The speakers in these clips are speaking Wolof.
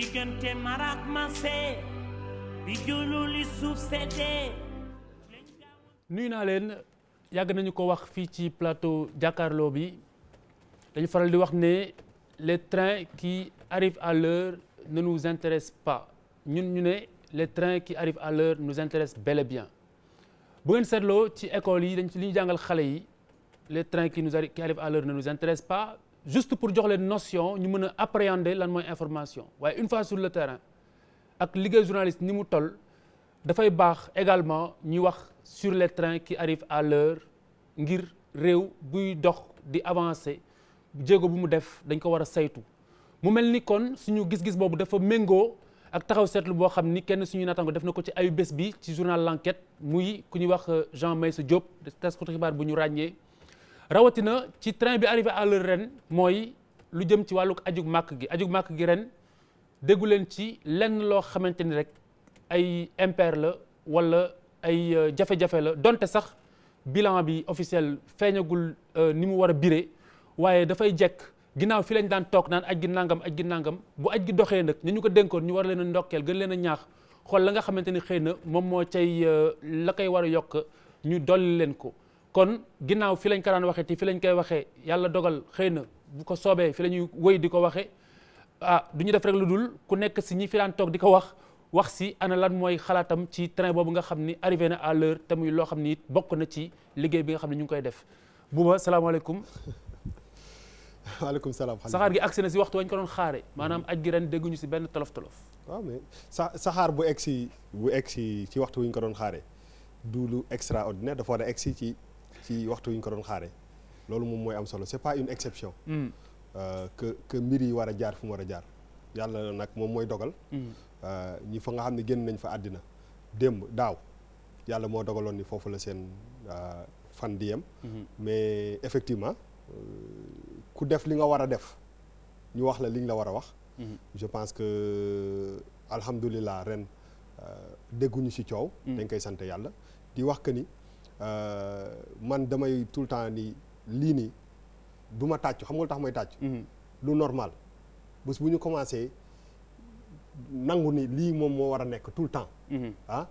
diggante marak mansé bi julu li suuf seddee nuyu naa leen yàgg nañu ko wax fii ci plateau jàkkaarloo bi dañu faral di wax ne les trains qui arrivent à l'heure ne nous intéressent pas ñun ñu ne les trains qui arrivent à l'heure nous intéressent bel et bien bu ngeen seetloo ci école yi dañ ci li ñu jàngal xale yi les trains qui nous arri qui arrivent à l'heure ne nous intéressent pas juste pour jox leen notion ñu mën a appréhender lan mooy information waaye une fois sur le ak liggéey journaliste ni mu toll dafay baax également ñuy wax sur les trains qui arrivent à l'heure ngir réew buy dox di avancer jéego bu mu def dañ ko war a saytu mu mel ni kon suñu gis-gis boobu dafa méngoo ak taxaw seetlu boo xam ni kenn suñu natango def na ko ci ayu bés bi ci journal l'enquête muy ku ñuy wax euh, Jean Meïssa Diop taskatu xibaar bu ñu ràññee rawatina ci train bi arrivé à ren mooy lu jëm ci wàllug ajug màkk gi ajug màkk gi ren déggu leen ci lenn loo xamante ni rek ay impair la wala ay euh, jafe-jafe la donte sax billan bi officiel feeñagul euh, ni mu war a biree waaye dafay jekk ginnaaw fi lañ daan toog naan aj gi nangam aj gi nangam bu aj gi doxee nag ñu ñu ko dénkoon ñu war leen a ndokkeel gën leen a ñaax xool la nga xamante ni xëy na moom moo cay euh, la koy war a yokk ñu dolli leen ko kon ginnaaw fi lañ ko daan waxee te fi lañ koy waxee yàlla dogal xëy na bu ko soobee fi la ñuy wéy di ko waxee ah du ñu def rek lu dul ku nekk si ñi fi daan toog di ko wax wax si ana lan mooy xalaatam ci train boobu nga xam ni arrivé na à l'heure te muy loo xam ni it bokk na ci liggéey bi nga xam ne ñu ngi koy def Bouba salaamaaleykum. waaleykum salaam saxaar gi agsi na si waxtu wañ ko doon xaare maanaam aj gi ren dégguñu si benn tolof tolof waaw mais sa saxaar bu egsi bu egsi ci waxtu wi ko doon xaare du lu extraordinaire dafa war a ci ci waxtu yu ñu ko doon xaare loolu moom mooy am solo c'est pas une exception hmm. euh, que mbir yi war a jaar fu mu war a jaar yàlla nag moom mooy dogal hmm. euh, ñi fa nga xam ne génn nañ fa àddina démb daaw yàlla moo dogaloon ni foofu la seen euh, fan di yem hmm. mais effectivement ku def li nga war a def ñu wax la li nga la war a wax je pense que alhamdulilah ren dégguñu ci coow dañ koy sant yàlla di wax que ni Euh, man damay tout le temps ni lii nii du ma tàcc xam nga tax may tàcc. Mhm. lu normal bés bu ñu commencé nangu ni lii moom moo war a nekk tout le temps. Mhm. ah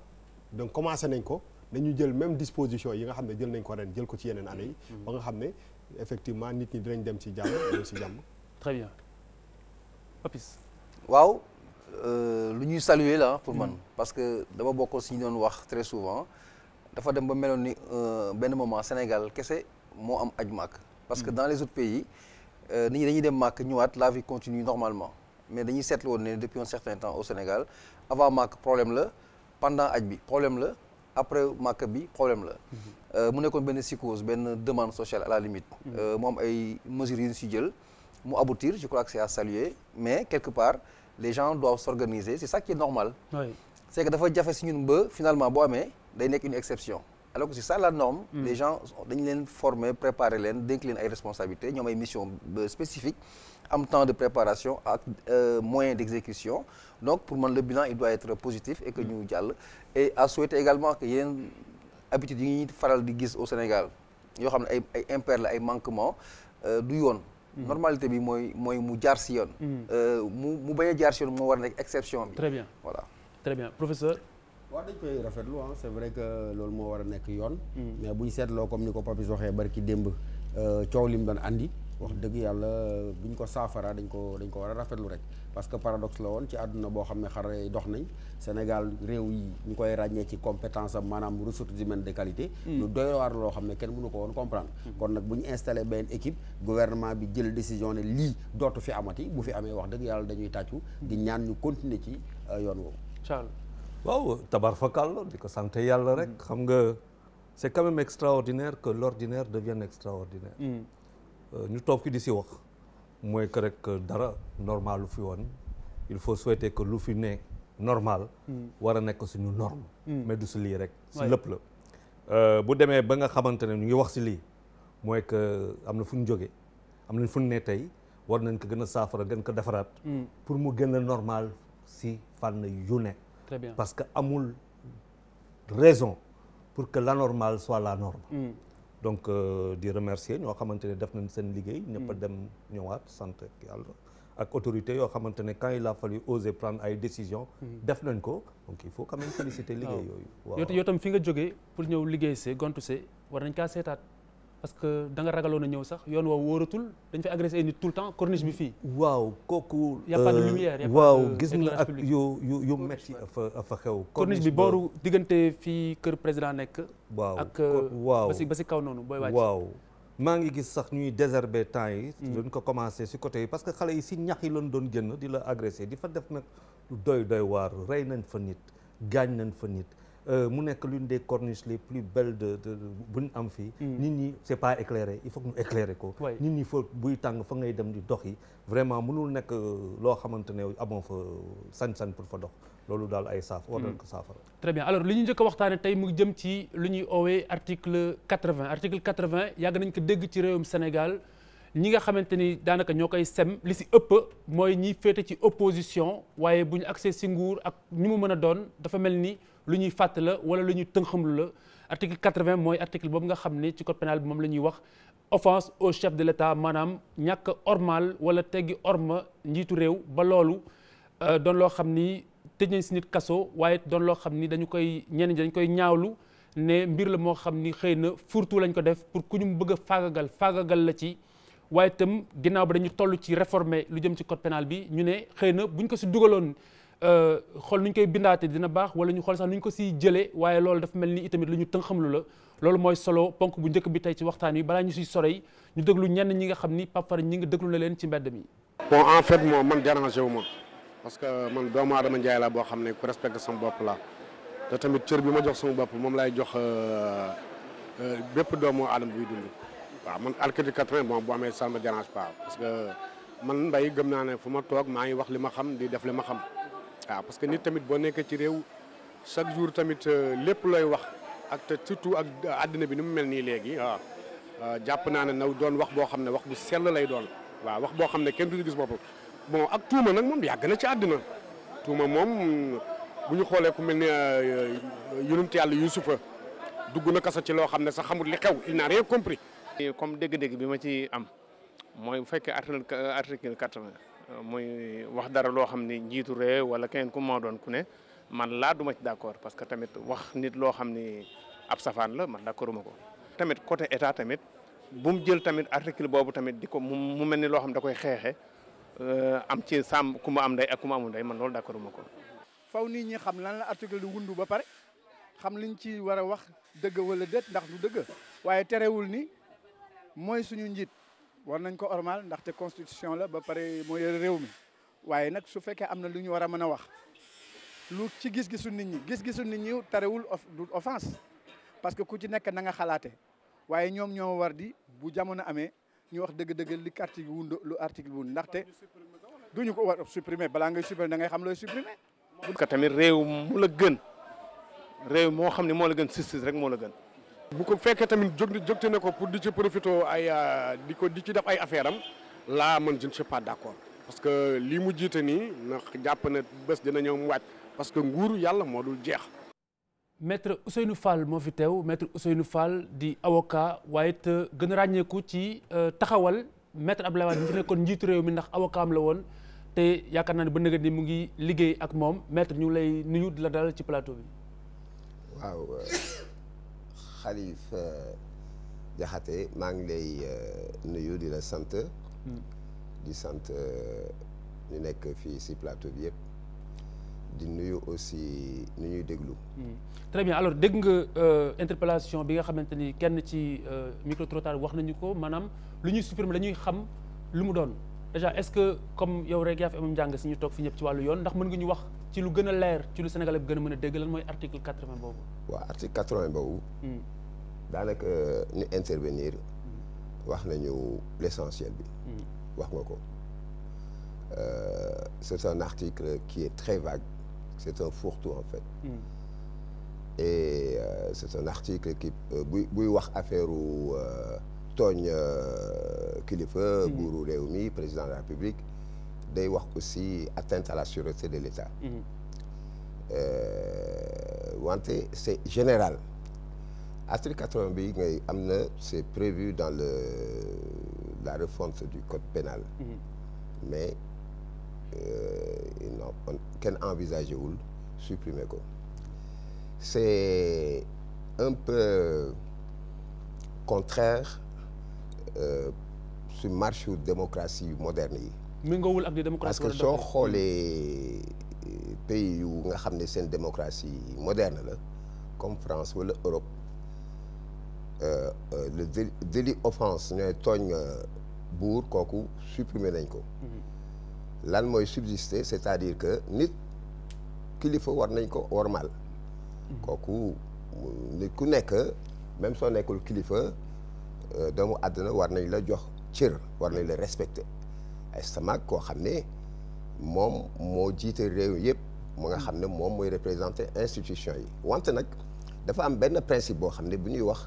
donc commencé nañ ko dañu jël même disposition yi nga xam ne jël nañ ko ren jël ko ci yeneen année yi. Mhm. ba nga xam ne effectivement nit ñi dinañ dem ci jàmm dem ci jàmm. très bien euh, lu ñuy saluer la pour man parce que dama bokk si ñu doon wax très souvent. dafa dem ba meloon ni euh, benn moment Sénégal kese moo am aj màkk parce que mm. dans les autres pays euh, nit ñi dañuy dem màkk ñëwaat la vie continue normalement mais dañuy seetlu woon ne depuis un certain temps au Sénégal avant màkk problème la pendant aj bi problème la après màkk bi problème la mm-hmm. euh, mu nekkoon benn psychose benn demande sociale à la limite mm-hmm. mu am ay mesures yu ñu si jël mu aboutir je crois que c'est à saluer mais quelque part les gens doivent s'organiser c'est ça normal oui. c'est boo amee day nekk une exception alors que c'est la norme mm. les leen former préparer leen dénk leen ay responsabilités ñoom ay mission euh, spécifique am temps de préparation ak euh, moyen d'exécution donc pour man le bilan il doit être positif et que mm. ñu mm. jàll et à souhaiter également que yeneen habitudes yi faral di gis au Sénégal yoo xam ne ay ay la ay manquement euh, du yoon mm. normalité bi mooy mooy mu jaar si yoon mm. euh, mu mu bañ a jaar si yoon moo war a nekk exception bi très bien waaw dañ koy rafetlu ah c'est vrai que loolu moo war a nekk yoon. Hmm. mais buñ seetloo comme ni ko Papis waxee ki démb euh, coow li mu doon andi. wax dëgg yàlla buñ ko saafara dañ ko dañ ko war a rafetlu rek parce que paradoxe la woon ci àdduna boo xam ne xare dox nañ Sénégal réew yi ñu koy ràññee ci compétence am maanaam ressources humaines de qualité hmm. lu doy waar loo xam ne kenn mënu ko woon comprendre hmm. kon nag bu ñu installé benn équipe gouvernement bi jël décision ne lii dootu fi amati bu fi amee wax dëgg yàlla dañuy tàccu di ñaan ñu continuer ci euh, yoon woowu waaw tabar fakàllo di ko sant yàlla rek mm. xam nga c'est quand même extraordinaire que l'ordinaire devienne extraordinaire mm. euh, ñu toog fi di si wax mooy que rek euh, dara normal lu fi woon il faut souhaiter que lu fi ne normal mm. war a nekk suñu norme mais si lii rek si lépp la euh, bu demee ba nga xamante ne ñu ngi wax si lii mooy que am na fu ñu jógee am nañ fu ñu ne tey war nañ ko gën a saafara gën ko defaraat pour mu gën a normal si fànn yu ne Très bien. parce que amul raison pour que l'anormal soit la norme mm. donc euh, di remercier ñoo xamante ne def nañ seen liggéey ñëpp a mm. dem ñëwaat sant yàlla ak autorité yoo xamante ne quand il a fallu oser prendre ay décisions mm. def nañ ko donc il faut quand même féliciter ah. liggéey yooyu waaw yow tam fi nga jógee pour ñëw liggéey see gontu see war nañ kaa seetaat parce que danga ragaloon a ñëw sax yoon woo wóoratul dañ fi agressé ay nit tout le temps corniche bi fii. waaw kooku. y' a pas de euh, lumière y' a waaw gis na ak yu yu yu metti fa fa xew. corniche bi booru diggante fii kër président nekk. waaw ak euh, ba si ba si kaw noonu booy wàcc. waaw maa ngi gis sax ñuy désherber temps yi. Hmm. dañ ko commencé si côté yi parce que xale yi si ñax yi lañ doon génn di la agressé di fa def nag doy doy waar rey nañ fa nit gaañ nañ fa nit. Euh, mu nekk l'une des corniches les plus belles de de bu ñu am fii. Mm. nit ñi c' pas éclairé il faut que ñu éclairer ko. nit ñi foot buy tàng fa ngay dem di dox yi vraiment mënul nekk euh, loo xamante ne amoo fa euh, sañ-sañ pour fa dox loolu daal ay saaf. war mm. saafara. très bien alors li ñu njëkk a waxtaanee tey mu jëm ci lu ñuy oowee article quatre vingt article quatre vingt yàgg nañ ko dégg ci réewum Sénégal. ñi nga xamante ni daanaka ñoo koy sem li si ëpp mooy ñi féete ci opposition waaye bu ñu accès si nguur ak ñu mu mën a doon dafa mel ni lu ñuy fàtt la wala lu ñuy tënxamlu la article 80 mooy article boobu nga xam ne ci code pénal bi moom la ñuy wax offense au chef de l'État maanaam ñàkk ormal wala teggi orma njiitu réew ba loolu euh, doon loo xam ni tëj nañ si nit kaso waaye doon loo xam ni dañu koy ñenn ñi dañu koy ñaawlu ne mbir la moo xam ni xëy na furtu lañ ko def pour ku ñu bëgg a faagagal faagagal la ci waaye itam ginnaaw bi dañu toll ci réformer lu jëm ci code pénal bi ñu ne xëy na buñ ko si dugaloon Euh, xool nu ñu koy bindaate dina baax wala ñu xool sax nu ñu ko siy jële waaye loolu dafa mel ni tamit lu ñu tënxamlu la loolu mooy solo ponk bu njëkk bi tey ci waxtaan wi balaa ñu siy sorey ñu déglu ñenn ñi nga xam ni Pape Fara nga déglu leen ci mbedd mi. en fait moom man dérangé wu ma parce que man doomu aadama njaay laa boo xam ne ku respecté sama bopp laa te tamit cër bi ma jox sama bopp moom laay jox euh, euh, bépp doomu aadama buy dund. waaw man alkati 80 bon bu amee ça me dérange parce que man mbay gëm naa ne fu ma toog maa ngi wax li ma xam di def li ma xam. waaw parce que nit tamit boo nekkee ci réew chaque jour tamit euh, lépp lay wax ak te surtout ak euh, àddina bi ni mu mel nii léegi waaw euh, jàpp naa ne naw doon wax boo xam ne wax bu sell lay doon waaw wax boo xam ne kenn du gis boppam bon ak tuuma nag moom yàgg na ci àddina tuuma moom bu ñu xoolee ku mel ne yonent yàlla Yuusufa dugg na kaso ci loo xam ne sax xamul li xew il n'a rien compris. comme dégg-dégg bi ma ci am mooy bu fekkee article article quatre-vingt muy wax dara loo xam ni njiitu réew wala keneen ku moo doon ku ne man laa duma ci d'accord parce que tamit wax nit loo xam ni ab safaan la man ma ko. tamit côté état tamit bu mu jël tamit article boobu tamit di ko mu mel ni loo xam da koy xeexe euh, am ci sàmm ku mu am ndey ak ku mu amul ndey man loolu d'accorduma ko. faw nit ñi xam lan la article du wundu ba pare xam liñ ci war a wax dëgg wala déet ndax du dëgg waaye terewul ni mooy suñu njiit. war nañ ko ormal ndaxte constitution la ba pare moo réew mi waaye nag su fekkee am na lu ñu war a mën a wax lu ci gis-gisu nit ñi gis-gisu nit ñi tarewul du offense parce que ku ci nekk na nga xalaate waaye ñoom ñoo war di bu jamono amee ñu wax dëgg-dëgg li article wu lu article wu ndaxte duñu ko war supprimer balaa ngay supprimer da ngay xam looy supprimer. parce que tamit réew mu la gën réew moo xam ne moo la gën justice rek moo la gën. bu ko fekkee tamit jóg jógte na ko pour di ci profité ay euh, di ko di ci def ay affaire am laa man je ne suis pas d'accord parce que lii mu jiite nii ndax jàpp na bés dina ñëw mu wàcc parce que nguur yàlla moo dul jeex. maître Ousseynou Fall moo fi teew maître Ousseynou Fall di awoka waaye it euh, gën a ràññeeku ci euh, taxawal maître Abdoulaye Wade mi fi nekkoon njiitu réew mi ndax awoka am la woon te yaakaar naa ne ba nëgë ni mu ngi liggéey ak moom maître ñu lay nuyu di la dalal ci plateau bi. Khalifa euh, Diakhaté maa ngi lay euh, nuyu di la sant. Hmm. di sant euh, ñu nekk fii si plateau bi yëpp. di nuyu aussi nu ñuy déglu. Hmm. très bien alors dégg nga interpellation bi nga xamante ni kenn ci micro trottoir wax nañu ko maanaam lu ñuy supprimer dañuy xam lu mu doon déjà est-ce que comme yow rek yaa fi am njàng si ñu toog fi ñëpp ci wàllu yoon ndax mën nga ñu wax ci lu gën a leer ci lu Sénégalais bi gën a mën a dégg lan mooy article quatre-vingt boobu. waaw article quatre-vingt boobu. Hmm. daanaka ñu euh, intervenir wax nañu l'essentiel bi mm. wax nga ko euh, c'est un article qui est très vague c'est un fourre-tout en fait mm. et euh, c'est un article buy buy wax affaire u tooñ kilifa buuru mm. réew mi président de la République day wax aussi atteinte à la sûreté de l'État wante c'est général article 80 bi ngay am na c'est prévu dans le la refonte du code pénal mm -hmm. mais euh, kenn envisagé wul supprimer ko c'est un peu contraire euh, su marche démocratie moderne yi. mingoowul ak di démocratie parce que soo xoolee euh, pays yu nga xam ne seen démocratie moderne la comme France wala Europe. Euh, euh, le délit offense ñooy tooñ euh, buur kooku supprimer nañ ko mm-hmm. lan mooy subsister c'est-à-dire que nit kilifa war nañ ko warmal mm-hmm. kooku nit ku nekk même soo nekkul kilifa doomu àddina war nañ la jox cër war nañ la respecter estomac koo xam ne moom moo jiite réew yëpp mu nga xam ne moom mooy représenter institution yi wante nag dafa am benn principe boo xam ne bu ñuy wax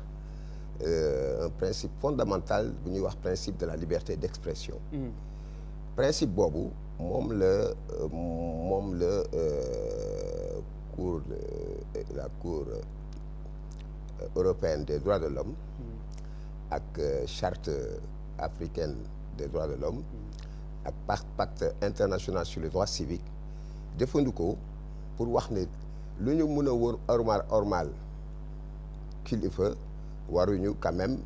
euh, un principe fondamental bu ñuy wax principe de la liberté d'expression mm. principe boobu moom la euh, moom la euh, cour euh, la cour européenne des droits de l'homme mm. ak charte africaine des droits de l'homme mm. ak pacte international sur les droits civiques jëfandikoo pour wax ne lu ñu mën a wër ormal ormal kilifa waruñu quand même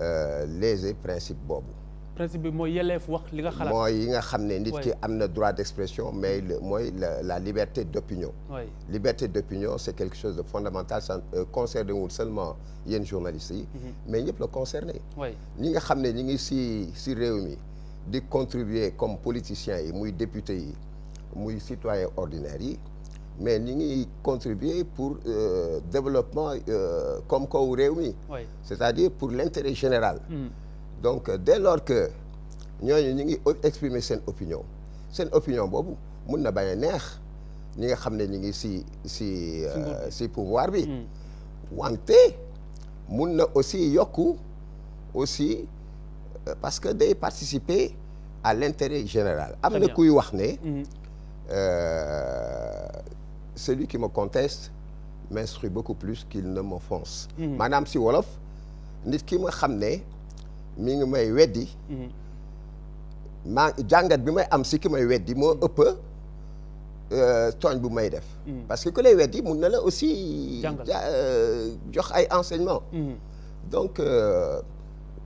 euh, léser principe boobu. principe bi mooy yelleef wax li nga xalaat. yi nga xam ne nit ki am na droit d'expression mais le mooy la la liberté d'opinion. Oui. liberté d'opinion c'est quelque chose de fondamental ça euh, concerne wul seulement yéen journalistes yi. Mm -hmm. mais ñëpp la concerné. ñi nga xam ne ñi ngi si si réew mi di contribuer comme politiciens yi muy députés yi muy citoyens ordinaires yi. mais ñi ngi contribuer pour euh, développement euh, comme kaw réew mi c'est-à-dire pour l'intérêt général mm. donc euh, dès lors que ñooñu ñi ngi exprimer seen opinion seen opinion boobu mun na bañ neex ñi nga xam ne ñi ngi si si euh, si pouvoir bi mm. wante mun na aussi yokku aussi euh, parce que day participer à l'intérêt général am na kuy wax ne mm-hmm. celui qui me conteste m'instruit beaucoup plus qu'il ne m'offense mhm. maanaam si wolof nit ki ma xam ne mi ngi may weddi mhm. maa jàngat bi may am si ki may weddi moo mhm. ëpp euh, tooñ bu may def parce que ku lay weddi mun na la aussi euh, jox ay enseignement donc euh,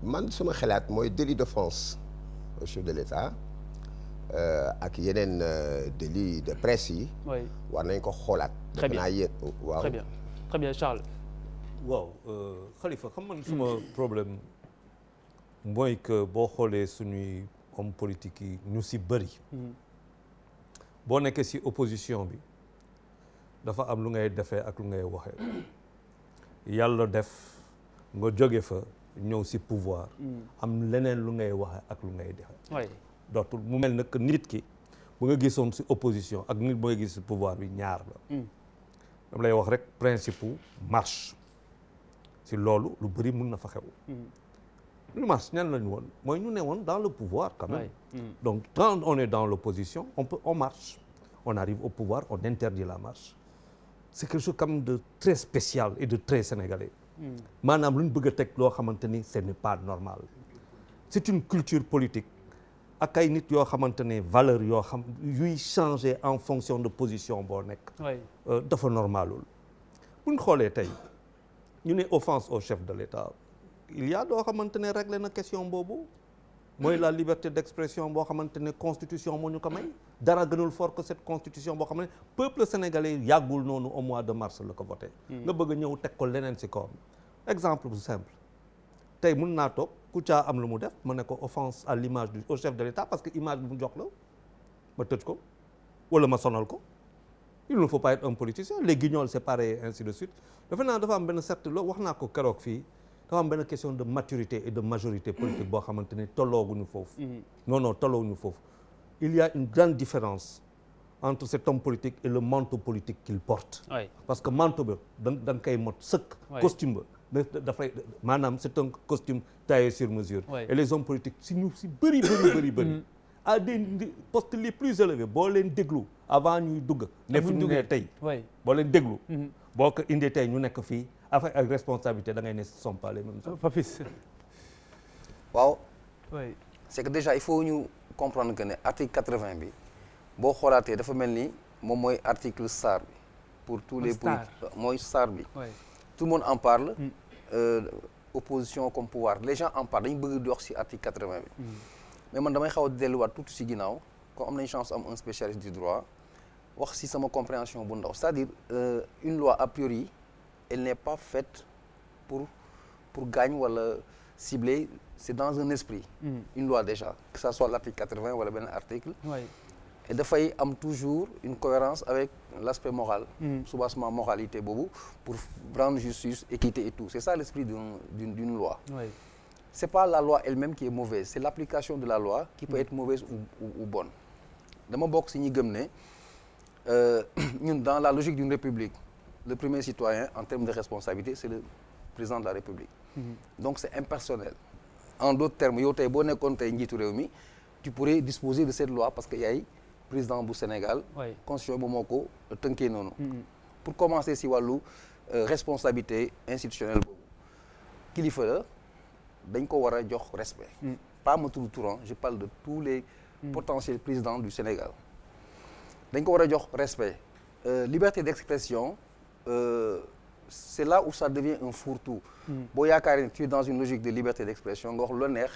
man suma xalaat mooy délit d'offense au chef de l'État Euh, ak yeneen euh, délit de presse yi. war nañ ko xoolaat. très naa yéen euh, waaw très bien très bien Charles. waaw Khalifa xam man suma problème mooy que boo xoolee suñuy homme politique yi ñu si bëri. Mhm. boo nekkee si opposition bi dafa am lu ngay defee ak lu ngay waxee yàlla def nga jóge fa ñëw si pouvoir. Mhm. am leneen lu ngay waxee ak lu ngay defee. dootul mu mel nag nit ki bu nga gisoon si opposition ak nit bu nga gis si pouvoir bi ñaar la mm. dama lay wax rek principe marche si loolu lu bëri mun na fa xew mm. lu marche ñan lañu woon mooy ñu ne woon dans le pouvoir quand même mm. donc quand on est dans l'opposition on peut on marche on arrive au pouvoir on interdit la marche c'est quelque chose quand même de très spécial et de très sénégalais maanaam lu ñu bëgg a teg loo xamante ni ce n'est pas normal c'est une culture politique ak ay nit yoo xamante ne valeur yoo xam yuy changer en fonction de position boo nekk euh, dafa normalul buñ xoolee tey ñu ne offense au chef de l'État il y a doo xamante ne réglé na question boobu mooy la liberté d'expression boo xamante ne constitution moo ñu ko may dara gënul fort que cette constitution boo xam ne peuple sénégalais yàggul noonu au mois de mars la ko voté hmm. nga bëgg ñëw teg ko leneen si kawam exemple bu simple tey mun naa toog Kouthia am lu mu def ma ne ko offense à l'image du au chef de l'État parce que image bi mu jox la ma tëj ko wala ma sonal ko il ne faut pas être un politicien les guignols c'est ainsi de suite defe naa dafa am benn certes loolu wax naa ko keroog fii dafa am benn question de maturité et de majorité politique boo xamante ni tollooguñu foofu mm-hmm. non non ñu foofu il y a une grande différence entre cet homme politique et le manteau politique qu'il porte oui. parce que manteau bi da da nga koy dafay maanaam c'est un costume taillé sur mesure et les hommes politiques si ñu si bëri bëri bëri bëri à des les plus élevés boo leen déglu avant ñuy dugg ne fu ñu ne tey boo leen déglu mm-hmm. boo ko indee tey ñu nekk fii affaire ak responsabilité da ngay ne ce sont pas les mêmes Papis waaw c'est que déjà il faut ñu comprendre que ne article 80 bi boo xoolaatee dafa mel ni moom mooy article SAR bi pour tous les politiques mooy SAR bi tout le monde en parle mm. Euh, opposition comme pouvoir les gens en parlent dañu bëgg di wax ci article quatre-vingt bi hmm. mais man damay xaw a delluwaat tuuti si ginnaaw comme am nañ chance am un spécialiste du droit wax si sama compréhension bu ndaw c'est-à-dire euh, une loi a priori elle n'est pas faite pour pour gagner wala cibler c'est dans un esprit. Mmh. une loi déjà que ça soit l'article 80 wala benn article. et dafay am toujours une cohérence avec l'aspect moral mmh. soubassement moralité boobu pour rendre justice équité et tout c'est ça l'esprit d'une d'une loi oui. c'est pas la loi elle-même qui est mauvaise c'est l'application de la loi qui peut mmh. être mauvaise ou, ou, bonne dama bokk si ñi gëm ne euh, ñun dans la logique d'une république le premier citoyen en termes de responsabilité c'est le président de la république hmm. donc c'est impersonnel en d'autres termes yow tey boo nekkoon tey njiitu réew mi tu pourrais disposer de parce que yaay président bu Sénégal. constitution bu moo ko tënkee noonu. Mm-hmm. pour commencer si wàllu euh, responsabilité institutionnelle boobu kilifa la dañ ko war a jox respect. Mm. pas ma tudd je parle de tous les. Mm. potentiels président du Sénégal. dañ ko war a jox respect. Euh, liberté d'expression euh, c'est là où ça devient un fourre-tout. Mm. boo yaakaar ni tu es dans une logique de liberté d'expression nga wax lu neex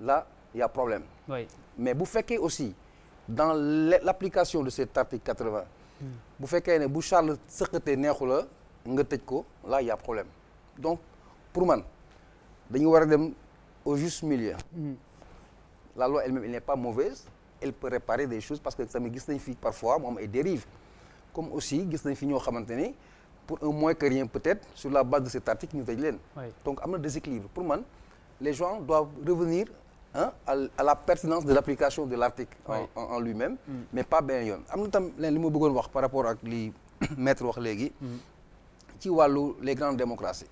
là y problème. mais bu fekkee aussi. dans l'application de cet article 80 bu fekkee ne bu Charles sëqatee neexu la nga tëj ko la y a problème donc pour man dañu war a dem au juste milieu hmm. la loi elle-même elle n'est pas mauvaise elle peut réparer des choses parce gis nañ fi parfois mu am ay dérives comme aussi gis nañ fi ñoo xamante ni pour un moins que rien peut-être sur la base de cet article ñu tëj leen donc am na déséquilibre pour man les gens doivent revenir ah à la pertinence de l'application de l'article en en lui-même mm. mais pas benn yoon am na tam leen li ma bëggoon wax par rapport ak li maître wax léegi mm. ci wàllu les grandes démocraties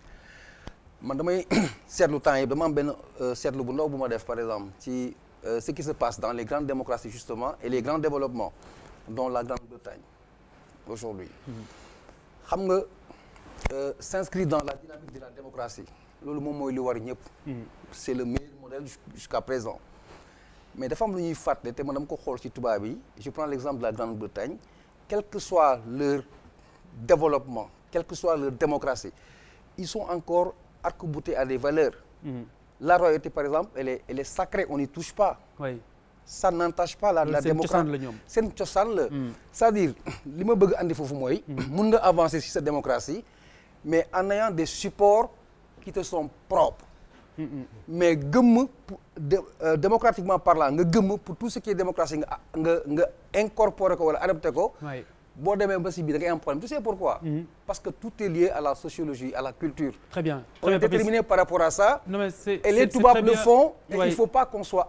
man damay seetlu temps yëpp dama am benn euh, seetlu bu ndaw bu ma def par exemple ci euh, ce qui se passe dans les grandes démocraties justement et les grands développements dont la Grande-Bretagne aujourd'hui mm. xam nga euh, s'inscrire dans la dynamique de la démocratie loolu moom mooy li war ñëpp c'est le modèle jusqu'à présent mais dafa am lu ñuy fàtte te man dama ko xool ci tubaab yi je prends l'exemple de la Grande-Bretagne quel que soit leur développement quelle que soit leur démocratie ils sont encore arc-boutés à des valeurs mhm. la royauté par exemple elle est elle est sacrée on n'y touche pas oui. ça n'entache la la démocratie la ñoom seen cosaan la mhm. cest li ma bëgg andi foofu mooy mhm. mun nga avancer ci sa démocratie mais en ayant des supports qui te sont propres mais gëmm euh, démocratiquement parlant nga gëmm pour tout ce qui est démocratie nga nga nga incorporer ko wala adapté ko boo demee ba si biir da ngay am problème tu sais pourquoi mhm. parce que tout est lié à la sociologie à la culture très bien il faut pas qu'on soit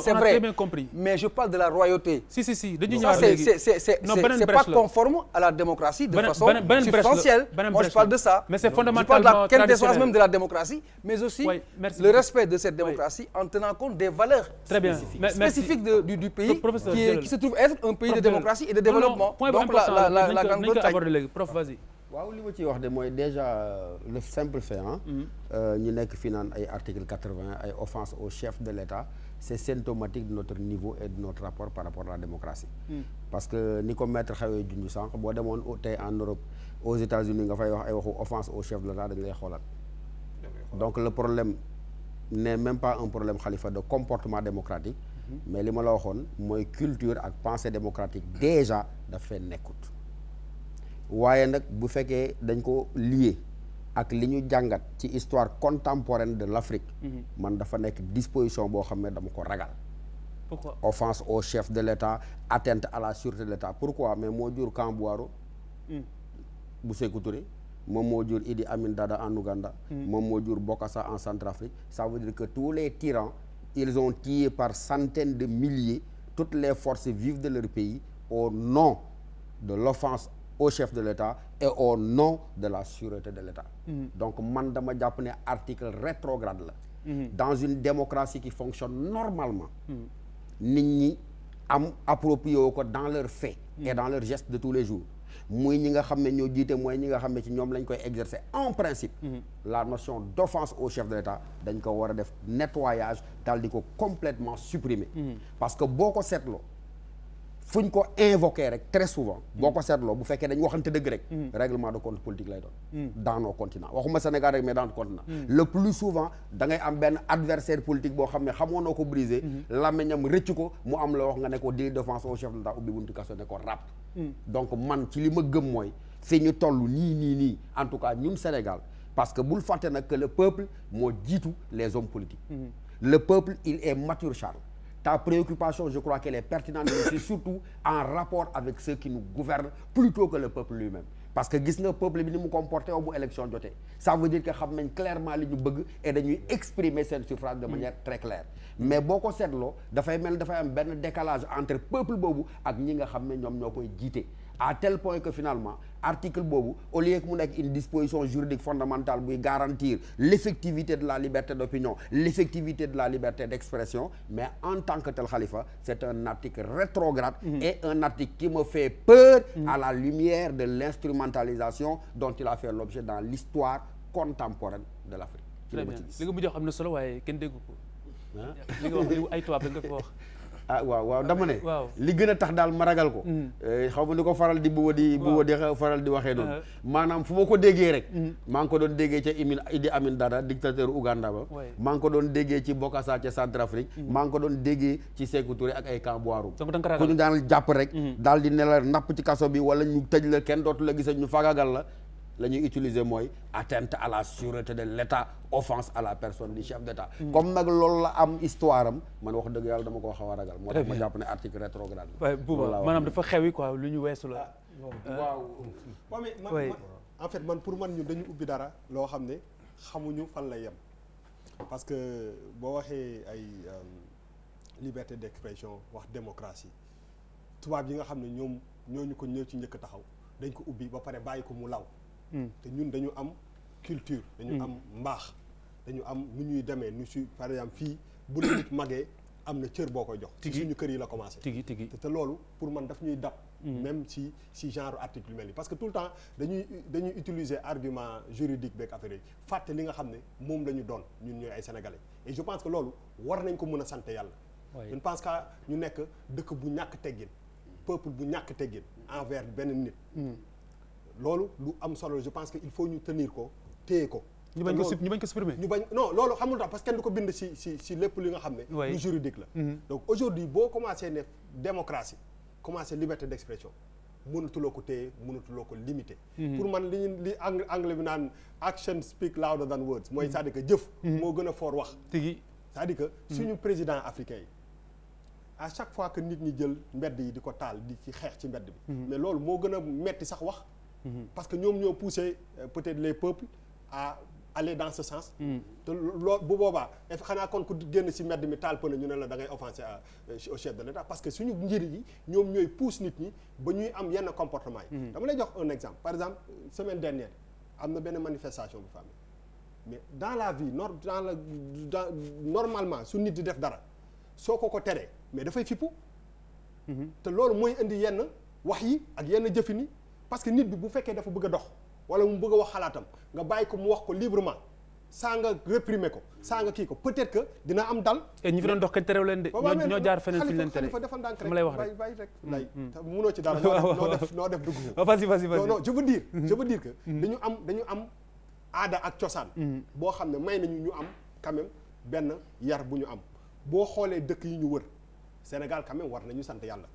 c'est vrai mais je parle de la royauté. si si si dañuy ñëwaat pas conforme à la démocratie. de façon substantielle moi je parle de ça. de la quintessence de la démocratie. mais aussi le respect de cette démocratie en tenant compte des valeurs. spécifiques du pays. qui se trouve être un pays de démocratie et de développement. donc la Grande-Bretagne prof euh, mm-hmm. euh, naan ay article 80 ay offense au chef de l'État. c'est symptomatique de notre niveau et de notre rapport par rapport à la démocratie. Hmm. parce que ni ko maître xawee junj sànq boo demoon tey en Europe aux États-Unis nga fay wax ay waxu offense au chef de l'État dañ lay xoolal. donc le problème n'est même pas un problème xalifa de comportement démocratique. Hmm. mais li ma la waxoon mooy culture ak pensée démocratique déjà daf fee nekkut. waaye nag bu fekkee dañ ko lié. ak li ñu jàngat ci histoire contemporaine de l'Afrique mhm. man dafa nekk disposition boo xam ne dama ko ragal pourquoi offense au chef de l'État atteinte à la sûreté de l'État pourquoi mais moo jur Kambouaro mhm. bu Sékou moom moo jur Idi Amin Dada en Ouganda mhm. moom moo jur Bokassa en Centrafrique ça veut dire que tous les tyrans ils ont tué par centaines de milliers toutes les forces vives de leur pays au nom de l'offense au chef de l'État et au nom de la sûreté de l'État mhm. donc man dama jàpp ne article rétrograde la mhm. dans une démocratie qui fonctionne normalement mhm. nit ñi am approprié wu ko dans leur fait et dans leur geste de tous les jours muy ñi nga xam ne ñoo jiite mooy ñi nga xam ne ci ñoom lañ koy exercer en principe la notion d'offense au chef de l'État dañ ko war a def nettoyage daal di ko completement supprimer parce que boo ko seetloo fu ñu ko invoqué rek très souvent boo ko mm. seetloo bu fekkee dañ waxante dëgg rek mm. règlement de compte politique lay doon mm. dans nos continents waxuma Sénégal rek mais dans nos continents le plus souvent da am benn adversaire politique boo xam ne xamoo noo ko brisé mm-hmm. làmmiñam rëcc ko mu am la wax nga ne ko au chef de l'État ubbi buntu kaso ne ko ràpp donc man ci li ma gëm mooy fi ñu toll nii nii nii en tout cas ñun Sénégal parce que bul fàtte nag que le p moo jiitu les hommes politiques mm-hmm. le peuple il est ta préoccupation je crois qu'elle est pertinente mais c'est surtout en rapport avec ceux qui nous gouvernent plutôt que le peuple lui-même parce que gis nga peuple bi ni mu comporté woo bu élection jotee ça dire que xam nañ clairement li ñu bëgg et dañuy exprimer seen suffrage de manière très claire mais boo ko seetloo dafay mel dafay am benn décalage entre peuple boobu ak ñi nga xam ne ñoom ñoo koy jiite à tel point que finalement article boobu au lieu que mu nekk une disposition juridique fondamentale buy garantir l'effectivité de la liberté d'opinion l'effectivité de la liberté d'expression mais en tant que tel Khalifa c'est un article rétrograde mm -hmm. et un article qui me fait peur mm-hmm. à la lumière de l'instrumentalisation dont il a fait l'objet dans l'histoire contemporaine de l'Afrique li nga mujj solo waaye kenn dégg ah waaw waaw dama ne. li gën a tax daal ma ragal ko. Hmm. Eh, xaw ma ni ko faral di bu di bu di faral di waxee noonu. Uh-huh. maanaam fu ma ko déggee rek. Hmm. maa ngi ko doon déggee ca Imin Idi Amin Dada dictateur Ouganda ba. maa ngi ko doon déggee ci Bokassa ca Centrafrique. Hmm. maa ngi ko doon déggee ci Sékou Touré ak ay Kamp Bouaroum. ku ñu daan jàpp rek. daal di ne napp ci kaso bi wala ñu tëj la kenn dootu la gis ñu fagagal la. la ñuy utiliser mooy attente à la sûreté de l'État offense à la personne du chef d'État hmm. comme nag loolu la am histoire am man wax dëgg yàlla dama koo xaw a ragal moo tax ma jàpp ne article rétrograde bi buuba maanaam dafa xewi quoi lu ñu weesu la ah, euh, waaw mais man en fait man pour man ñu dañu ubbi dara loo xam ne xamuñu fan la yem parce que boo waxee ay euh, liberté d'expression wax démocratie tubaab yi nga xam ne ñoom ñooñu ko ñëw ci njëkk taxaw dañ ko ubbi ba pare bàyyi ko mu law te ñun dañu am culture. dañu mm. am mbaax dañu am nu ñuy demee nu su par exemple fii bu la nit magee am na cër boo koy jox. ci suñu kër yi la commencé. tigi tigi te loolu pour man daf ñuy dab. Mm. même si si genre article yu mel nii parce que tout le temps dañuy dañuy utiliser argument juridique beeg affaire yi fàtte li nga xam ne moom la ñu doon ñun ñooy ay sénégalais et je pense que loolu war nañ ko mën a sant yàlla. je pense que ñu nekk dëkk bu ñàkk teggin peuple bu ñàkk teggin envers benn nit. Mm. loolu lu am solo je pense que il faut ñu tenir ko téye ko. ñu bañ ko ñu bañ ko supprimer ñu bañ non loolu xamul tax parce que kenn du ko bind si si si lépp li nga xam ne. lu juridique la. Mhm. donc aujourd'hui boo commencé ne démocratie commencé liberté d'expression mënatuloo ko téye mënatuloo ko limiter. Mhm. pour man li ñu li anglais bi naan action speak louder than words. mooy mhm. cest à jëf. moo gën a foor wax. tigi cest à que suñu président africain yi. à chaque fois que nit ñi jël mbedd yi di ko taal di ci xeex ci mbedd mais loolu moo gën a metti sax wax. Mhm. parce que ñoom ñoo poussé euh, peut-être les peuples à aller dans ce sens. Mhm. te loo bu boobaa xanaa kon ku génn si mbedd mi taal a ñu ne la da ngay offensé euh, au chef de l'État parce que suñu njir yi ñoom ñooy pousse nit ñi ba ñuy am yenn comportement yi. Mhm. dama lay jox un exemple par exemple semaine dernière am na benn manifestation bu fa amee mais dans la vie nor dans la dans normalement su nit di def dara soo ko ko teree mais dafay fippu. te loolu mooy indi yenn wax yi ak yenn jëfin parce que nit bi bu fekkee dafa bëgg a dox wala mu bëgg a wax xalaatam nga bàyyi ko mu wax ko librement saa nga réprimer ko saa nga kii ko peut-être dina am dal. Eh, ñi fi doon dox tere terew leen de. ñoo jaar feneen fi ñu leen tere ma rek dañu am dañu am aada ak cosaan. Mm. boo xam ne may nañu ñu am quand benn yar bu ñu am boo xoolee dëkk yi ñu wër Sénégal quand même war nañu sant yàlla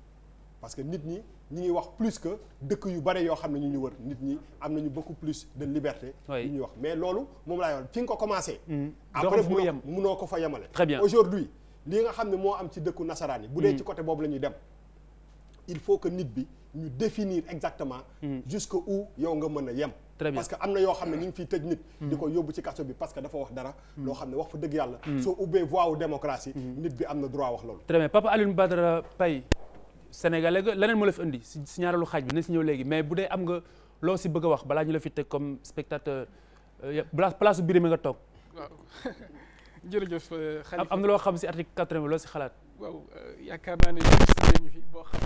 parce nit ñi. ñu ngi wax plus que dëkk yu bare yoo xam ne ñu ñu wër nit ñi am nañu bokk plus de liberté yu ñuy wax mais loolu moom laa yoon fi nga ko commencé mm-hmm. après munoo ko fa yemale très bien aujourd'hui li nga xam ne moo am ci dëkku nasaraan yi bu dee ci mm. côté boobu la ñuy dem il faut que nit bi ñu définir exactement mm. jusque où yow nga mën a yem parce que am na yoo xam ne ñu ngi fiy tëj nit mm. di ko yóbbu ci kaso bi parce que dafa wax dara loo xam ne wax fa dëgg yàlla soo ubbee voie wu am na droit wax loolu sénégalais ga leneen moo la fi indi si si ñaareelu xaaj bi na si ñëw léegi mais bu dee am nga loo si bëgg a wax balaa ñu la fi teg comme spectateur euh, place Birima nga toog. waaw jërëjëf. Euh, Khalifa am na loo xam si article quatre-vingt loo si xalaat. waaw euh, yaakaar naa ne ñu fi boo xam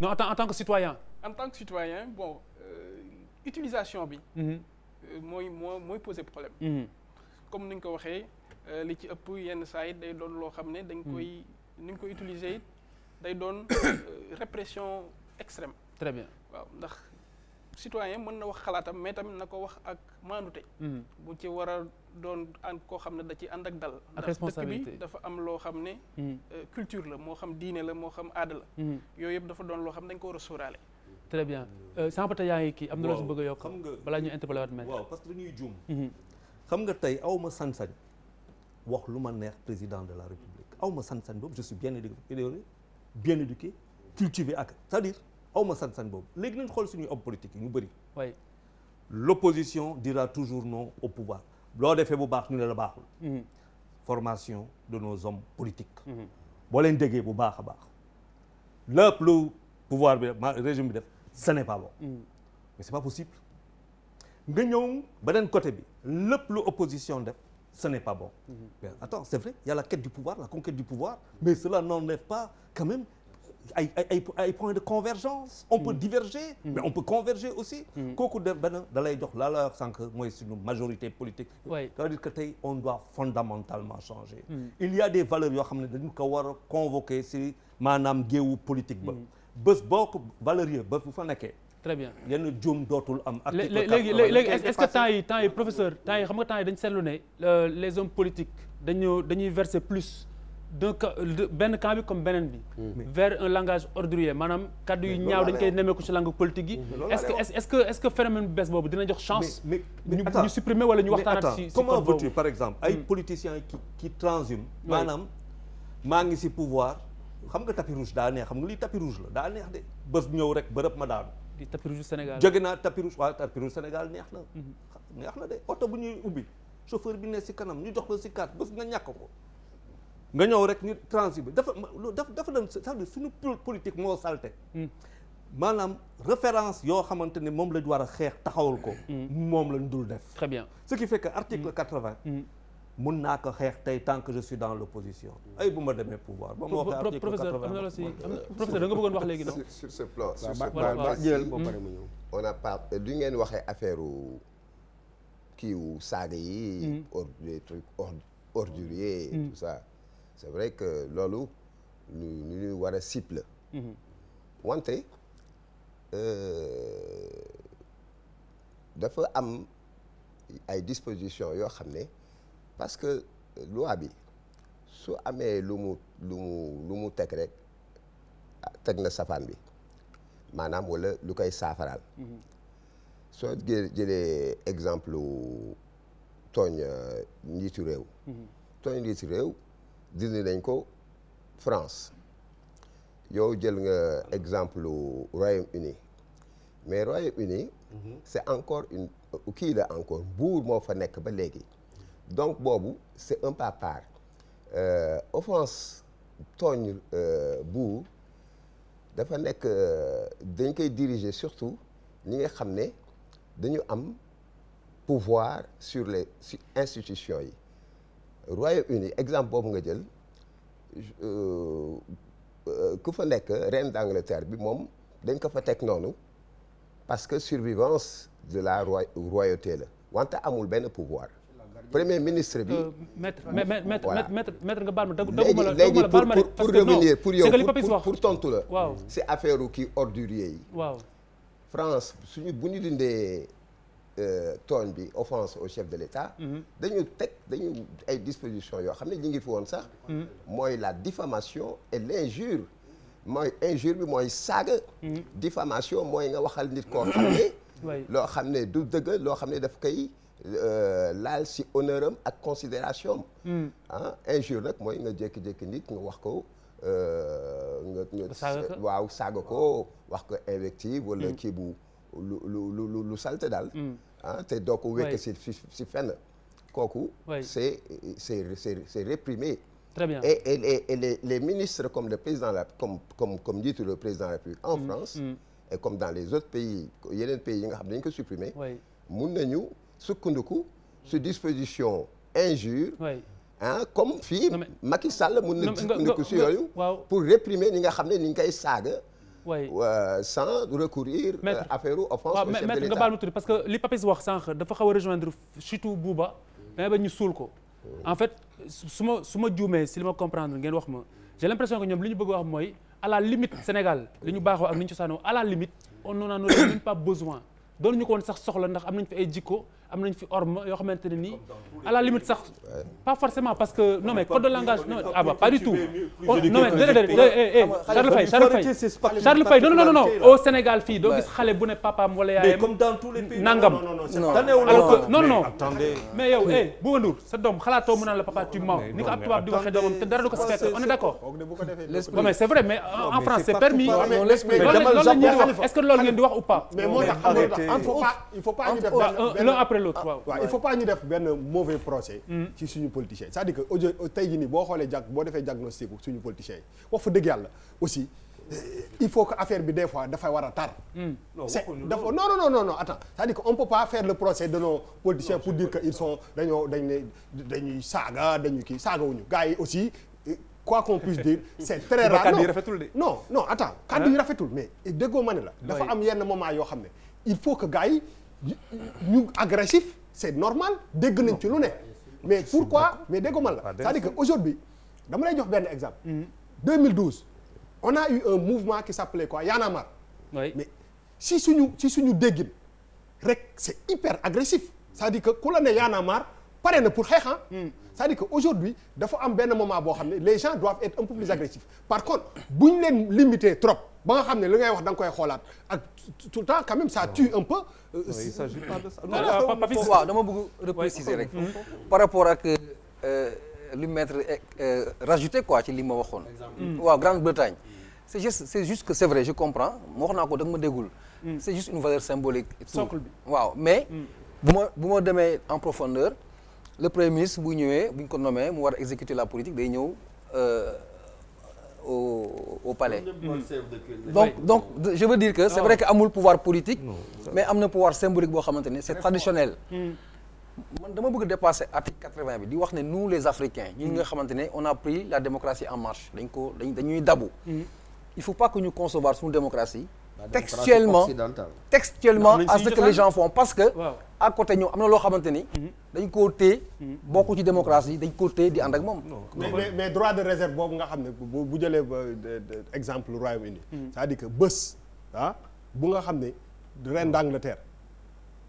ne. non tant que citoyen. en tant que citoyen bon utilisation bi. Mm-hmm. mooy moo mooy poser problème. Mm-hmm. comme ni ñu ko waxee li ci ëpp yenn saa yi day doon loo xam ne dañ mm-hmm. koy ni ñu koy utiliser day doon euh, répression extrême. très bien waaw ndax citoyen mën na wax xalaatam mais tamit na ko wax ak maandute. Hmm. bu ci waral a doon ànd koo xam ne da ci ànd ak dal. ak responsabilité dëkk bi dafa am loo xam ne. Hmm. Euh, culture la moo xam diine la moo xam aada la. Hmm. yooyu yëpp dafa doon loo xam ne dañ ko war a sóoraale. très bien euh, sànq tey yaa ngi kii am na loo si bëgg a yokk. balaa ñu interpellé waat maître. waaw parce que dañuy juum. xam nga tey aw ma sañ-sañ wax lu ma neex président de la république aw ma sañ boobu je suis bien éduqué bien éduqué cultivé ak c'est-à-dire aw ma san-san boobu léegi nañ xool suñuy homme politique yi ñu bëri l'opposition dira toujours non au pouvoir loo defee bu baax nu ne la baaxul mhm. formation de nos hommes politiques mhm. boo leen déggee bu baax a baax lépp lu pouvoir bi régime bi def ce n'est pas bon mhm. mais c'est pas possible nga ñëw beneen côté bi lépp lu opposition def ce n'est pas bon. Mm -hmm. mais attends c'est vrai il y a la quête du pouvoir la conquête du pouvoir mais cela n'enlève pas quand même ay ay ay points de convergence. on peut mhm. diverger. Mhm. mais on peut converger aussi. Mhm. kooku de benn da lay jox la leur sànq mooy suñu majorité politique. oui c'est-à-dire que tey on doit fondamentalement changer. il y a des valeurs yoo xam ne dañu ko war a convoquer si maanaam géewu politique ba. bés boo ko valeur ba fu fa nekkee. très bien yenn juum dootul am. léegi léegi est-ce que temps yi temps yi professeur temps yi xam nga temps yi dañu ne euh, les hommes politiques dañu dañuy verser plus benn camp bi comme beneen bi. vers un langage ordurier maanaam kaddu ñaaw dañ koy nemmeeku ci langue politique yi. est-ce que est-ce que est-ce que phénomène bu bees boobu dina jox chance. mais ñu supprimer wala ñu waxtaanaat ci. comment veux-tu par hmm. maanaam maa ngi si pouvoir xam nga tapis rouge daa neex xam nga lii tapis rouge la daa neex de bés ñëw rek bërëb ma daanu. puis tapis rouge Sénégal jóge naa tapis rouge waaw neex na. Mhm. neex na de oto bu ñuy ubbi chauffeur bi ne si kanam ñu jox ko si carte bés nga ñàkk ko. nga ñëw rek ñu transit bi dafa dafa dafa dem c'est-à-dire suñu politique moo salte mhm. maanaam référence yoo xamante ne moom lañ war a xeex taxawul ko. Mhm. moom lañ dul def. très bien ce qui fait que quatre-vingt. mun naa ko xeex tey tant que je suis dans l' opposition ay bu ma demee pouvoir ba moo xeex professeur am na la si professeur da nga bëggoon wax léegi non sur ce plan sur ce plan ma ñëw on a pas du ngeen waxee affaire kii wu yi mm-hmm. or des trucs mm-hmm. est vrai que loolu lu lu ñuy war a cible mm-hmm. wante euh, dafa am ay dispositions yoo xam ne parce que loi bi su amee lu mu lu mu lu mu teg rek teg na safaan bi maanaam wala lu koy saafaraal. Mm-hmm. soo jëlee exemple tooñ euh, njiitu réew. Mm-hmm. tooñ njiitu réew nañ ko France yow jël nga exemple Royaume-Uni mais Royaume-Uni. Mm-hmm. c'est encore une kii la encore buur moo fa nekk ba léegi. donc boobu c' est un pas à part euh, offense tooñ euh, bu dafa nekk euh, dañ koy diriger surtout ñi nga xam ne dañu am pouvoir sur les sur institutions yi Royaume-Uni exemple boobu nga jël euh, ku fa nekk ren d'Angleterre bi moom dañ ko fa teg noonu parce que survivance de la royauté la wante amul benn pouvoir premier ministre bi. Euh, maître maître maître nga baal ma dëgg dëgguma la léegi pour pour revenir pour yow pour tontu la. waaw si affaire kii ordurier yi. waaw France suñu bu ñu dindee euh, tooñ bi offense au chef de l'État. Mhm. dañu teg dañu ay dispositions yoo xam ne ñu ngi fi woon sax. Mhm. mooy la diffamation et l'injure. mooy injure bi mooy saaga. Mhm. diffamation mooy nga waxal nit koo xam ne. loo xam ne du dëgg loo xam ne daf koy. Euh, laal si honneur am ak consideration am. Hmm. ah injure nag mooy nga jékki-jékki nit nga wax ko. Euh, nga nga waaw saaga ko wax ko invective wala hmm. kii bu lu lu lu salte daal. Hmm. ah te doo ko wekk si si fenn. kooku. c'est c'est c'est réprimé. très bien et et les et les, les le président la comme comme comme njiitu le président de la République en France. Mmh. et dans les autres pays yeneen pays yi nga xam ne dañu ko supprimer. mun nañu. sukkandiku su disposition injure ah comme fii Macky Sall mun na sukkandiku si yooyu pour réprimer ñi nga xam ne ni ngi koy saaga oui euh, sans recourir. Euh, affaire offense au chef de nga baal ma tudd parce que li Papis wax sànq dafa xaw a rejoindre surtout Bouba. mais ba ñu suul ko. en fait su ma su ma juumee si li ma comprendre ngeen wax ma. j'ai ñoom li ñu bëgg wax mooy la limite Sénégal li ñu baaxoo ak ni ñu cosaanoo à la limite on n'en a même pas besoin. doon ñu ko sax soxla ndax am nañ fi ay jikko. am nañ fi orme yoo xamante ne nii à la limite sax pas forcément parce que non mais code langage non ah pas du tout oh, non mais déedéet déedéet eh, eh, eh, Charles Faye Charles Sénégal fii doo gis xale bu ne papaam wala yaayam nangam alors que mais yow eh bu wandur sa doom xalaatoo mu la papa tu mens ni ko ab di waxee doomam te dara du ko si fekk d'accord non mais c'est vrai mais en France permis loolu la ñuy wax est-ce que loolu ngeen di wax ou pas mais moo tax il faut pas ñu def ah, euh, l'un l'autre ah, waaw il faut pas ñu def benn mauvais procès ci suñu politiciens yi dire que aujourd'hui tey jii nii boo xoolee jag boo defee diagnostic suñu politiciens wax fa dëgg yàlla aussi il faut que affaire bi des war a tar hmm. c'est dafa non non dire que on peut pas faire le procès de nos politiciens pour dire que ils sont dañoo dañ ne dañuy saaga dañu kii saagawuñu ñu yi aussi quoi qu'on puisse dire c'est très rare non non attends kàddu yi rafetul mais déggoo ma ne la dafa am yenn moment yoo xam ne il que gars ñu agressif c'est normal dégg nañ ci lu ne mais pourquoi mais déggumal la c'est-à-dire que aujourd'hui dama lay jox benn exemple 2012 mm. on a eu un mouvement qui s'appelait quoi Y'en a marre mais si suñu si suñu déggin rek c'est hyper agressif c'est-à-dire que ku la ne Y'en a marre pare na pour xeexan ah. mm. c'est-à-dire aujourd'hui dafa am benn moment boo xam ne les gens doivent être un peu plus par contre buñ leen limiter trop ba nga xam ne li ngay wax da nga koy xoolaat ak tout le temps sa même ça tue un peu. Euh, waaw dama bëgg repréciser rek. par rapport ak euh, euh, li maître euh, rajouté quoi ci li ma waxoon. Mm. waaw Grande-Bretagne. c' est juste c' est juste vrai je comprends ma wax naa ko da ma déggul. Mm. c' est juste une valeur symbolique. socle waaw mais. Mm. bu ma bu ma demee en profondeur le premier ministre bu ñëwee bu ñu ko nommé mu war a exécuter la politique day ñëw. au au palais. donc donc je veux dire que c'est vrai que amul pouvoir politique. mais am na pouvoir symbolique boo xamante ne c'est traditionnel. Hmm. man dama bëgg dépasser article quatre-vingt bi di wax ne nous les Africains. ñun nga xamante ne on a pris la démocratie en marche dañ ko dañuy hmm. il faut pas que ñu concevoir suñu démocratie. textuellement textuellement à ce que les gens font parce que à côté ñoom am na loo xamante ni mhm. dañ koo téye mhm. ko ci démocratie dañ koo téye di ànd ak moom mais droit de réserve boobu nga xam ne bu jëlee exemple royaume uni mhm. sa di que bés ah bu nga xam ne reine d'Angleterre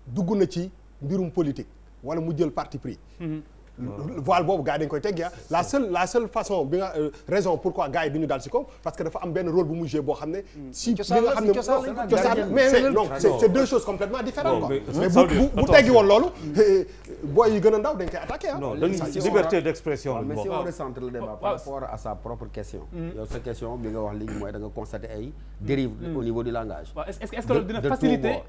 dugg na ci mbirum politique wala mu jël parti pris voile boobu gars koy tegg ah. la la seule façon bi nga euh, raison pourquoi gars yi ñu daal si parce que dafa am benn rôle bu mu joué boo xam ne hmm. si deux choses complètement différentes quoi mais bu bu woon loolu hmm. eh, eh, boy yi gën a ndaw dañ koy attaqué ah. liberté d'expression hmm. bi nga wax léegi mooy da nga ay dérives au niveau du langage est-ce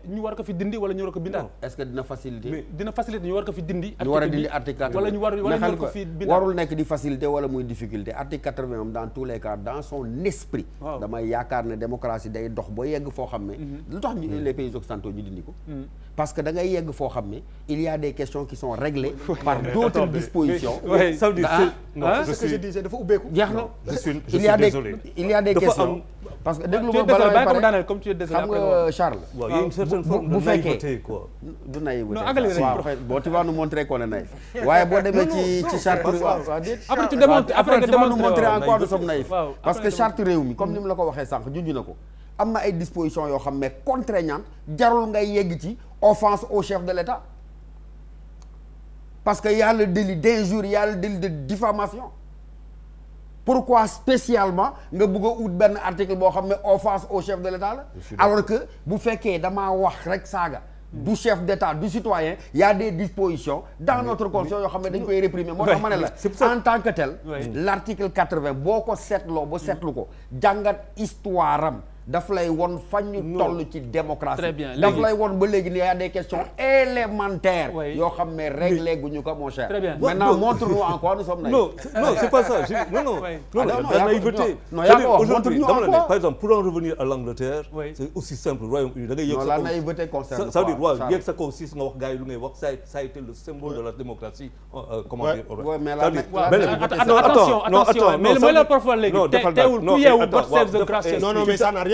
ñu war ko fi dindi wala ñu war ko bindaat est-ce dina faciliter ñu war ko fi dindi ñu war a dindi article ñu war wala ko fii bi warul nekk di facilité wala muy difficulté article quatre-vingt am dans tous les cas dans son esprit damay yaakaar ne démocratie day dox ba yegg foo xam ne mhm. lu tax ñu dindi ko mhm. parce que da ngay yegg foo xam ne il y a des questions qui sont réglées par d'autres dispositions ah. que je disais dafa ubbeeku jeex na il y a des questions parce que déglu ma balaa bàyyi xam Charles. waaw y a du naïf. non àggali rek waaw bon tu waaye boo demee ci ci charte. après tu démontres après tu réew mi comme ni mu la ko waxee sànq junj na ko. am na ay dispositions yoo xam ne contraignantes jarul ngay yegg ci offense au chef de l'État parce que y a le délit d'injure de diffamation pourquoi spécialement nga bëgg ut benn article boo xam ne offense au chef de l'État la alors que bu fekkee damaa wax rek saaga du chef d'État du citoyen y a des dispositions dans notre constitution yoo xam ne dañ koy réprimer moo tax ma ne la en tant que tel l'article quatre-vingt boo ko seetloo ba seetlu ko jàngat histoire am daf lay won fañ ñu toll ci démocratie. très bien daf lay won ba léegi nii y a des questions élémentaires. yoo xam ne réglé guñu ko mon cher. très bien maintenant montre-nous en quoi nous sommes naïfs. non non c'est pas ça non non. Ah, non non la naïveté. non yaa ko wax montre-nous en quoi par exemple pour en revenir à l'Angleterre. c'est aussi simple Royaume-Uni da ngay yëg sa kaw. non la naïveté concerne ça veut dire waaw yëg sa kaw siis nga wax gars yi lu ngay wax ça ça a été le symbole de la démocratie. Euh, euh, comment dire oui mais la naïveté. attention attention mais mooy la parfois léegi teewul ku yeewu. non non mais ça n'a rien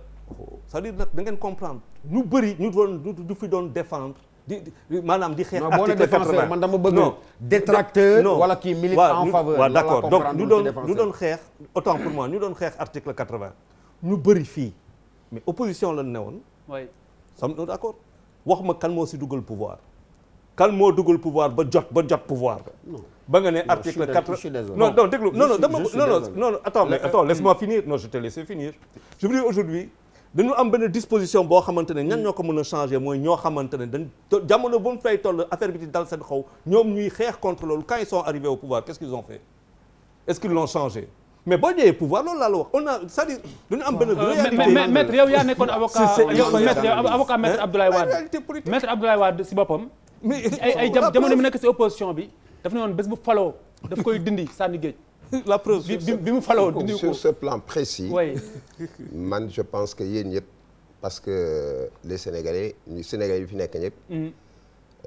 cest dire nag da ngeen comprendre ñu bëri ñu doon du fi doon défendre di maanaam di xeex article 80 man dama bëgg détracteur wala qui milite en faveur waaw d'accord donc doon ñu ñu doon xeex article 80 ñu bëri fii mais opposition la ne oui sam d'accord wax ma kan moo si dugal pouvoir kan moo dugal pouvoir ba jot ba jot pouvoir ba nga ne article 4 non non déglu laisse-moi finir non je te laisse finir je veux aujourd'hui dañu am benn disposition boo xamante ne ñan ñoo ko mën a changer mooy ñoo xamante ne dañ jamono bu mu fay toll affaire bi dal seen xaw ñoom ñuy xeex contre loolu quand ils sont arrivés au pouvoir qu'est-ce qu'ils ont fait est-ce qu'ils l'ont changé mais boo ñëwee pouvoir loolu laa la wax on a am benn réalité maître yow yaa nekkoon avocat avocat maître Abdoulaye Wade maître Abdoulaye Wade si boppam ay ay jamono mi nekk si opposition bi daf ne woon bés bu faloo daf koy dindi sànni géej la preuve bi mu faloo dindi ko sur ce plan précis oui man je pense que yéen ñëpp parce que les sénégalais ñu sénégalais yi fi nekk ñëpp mm.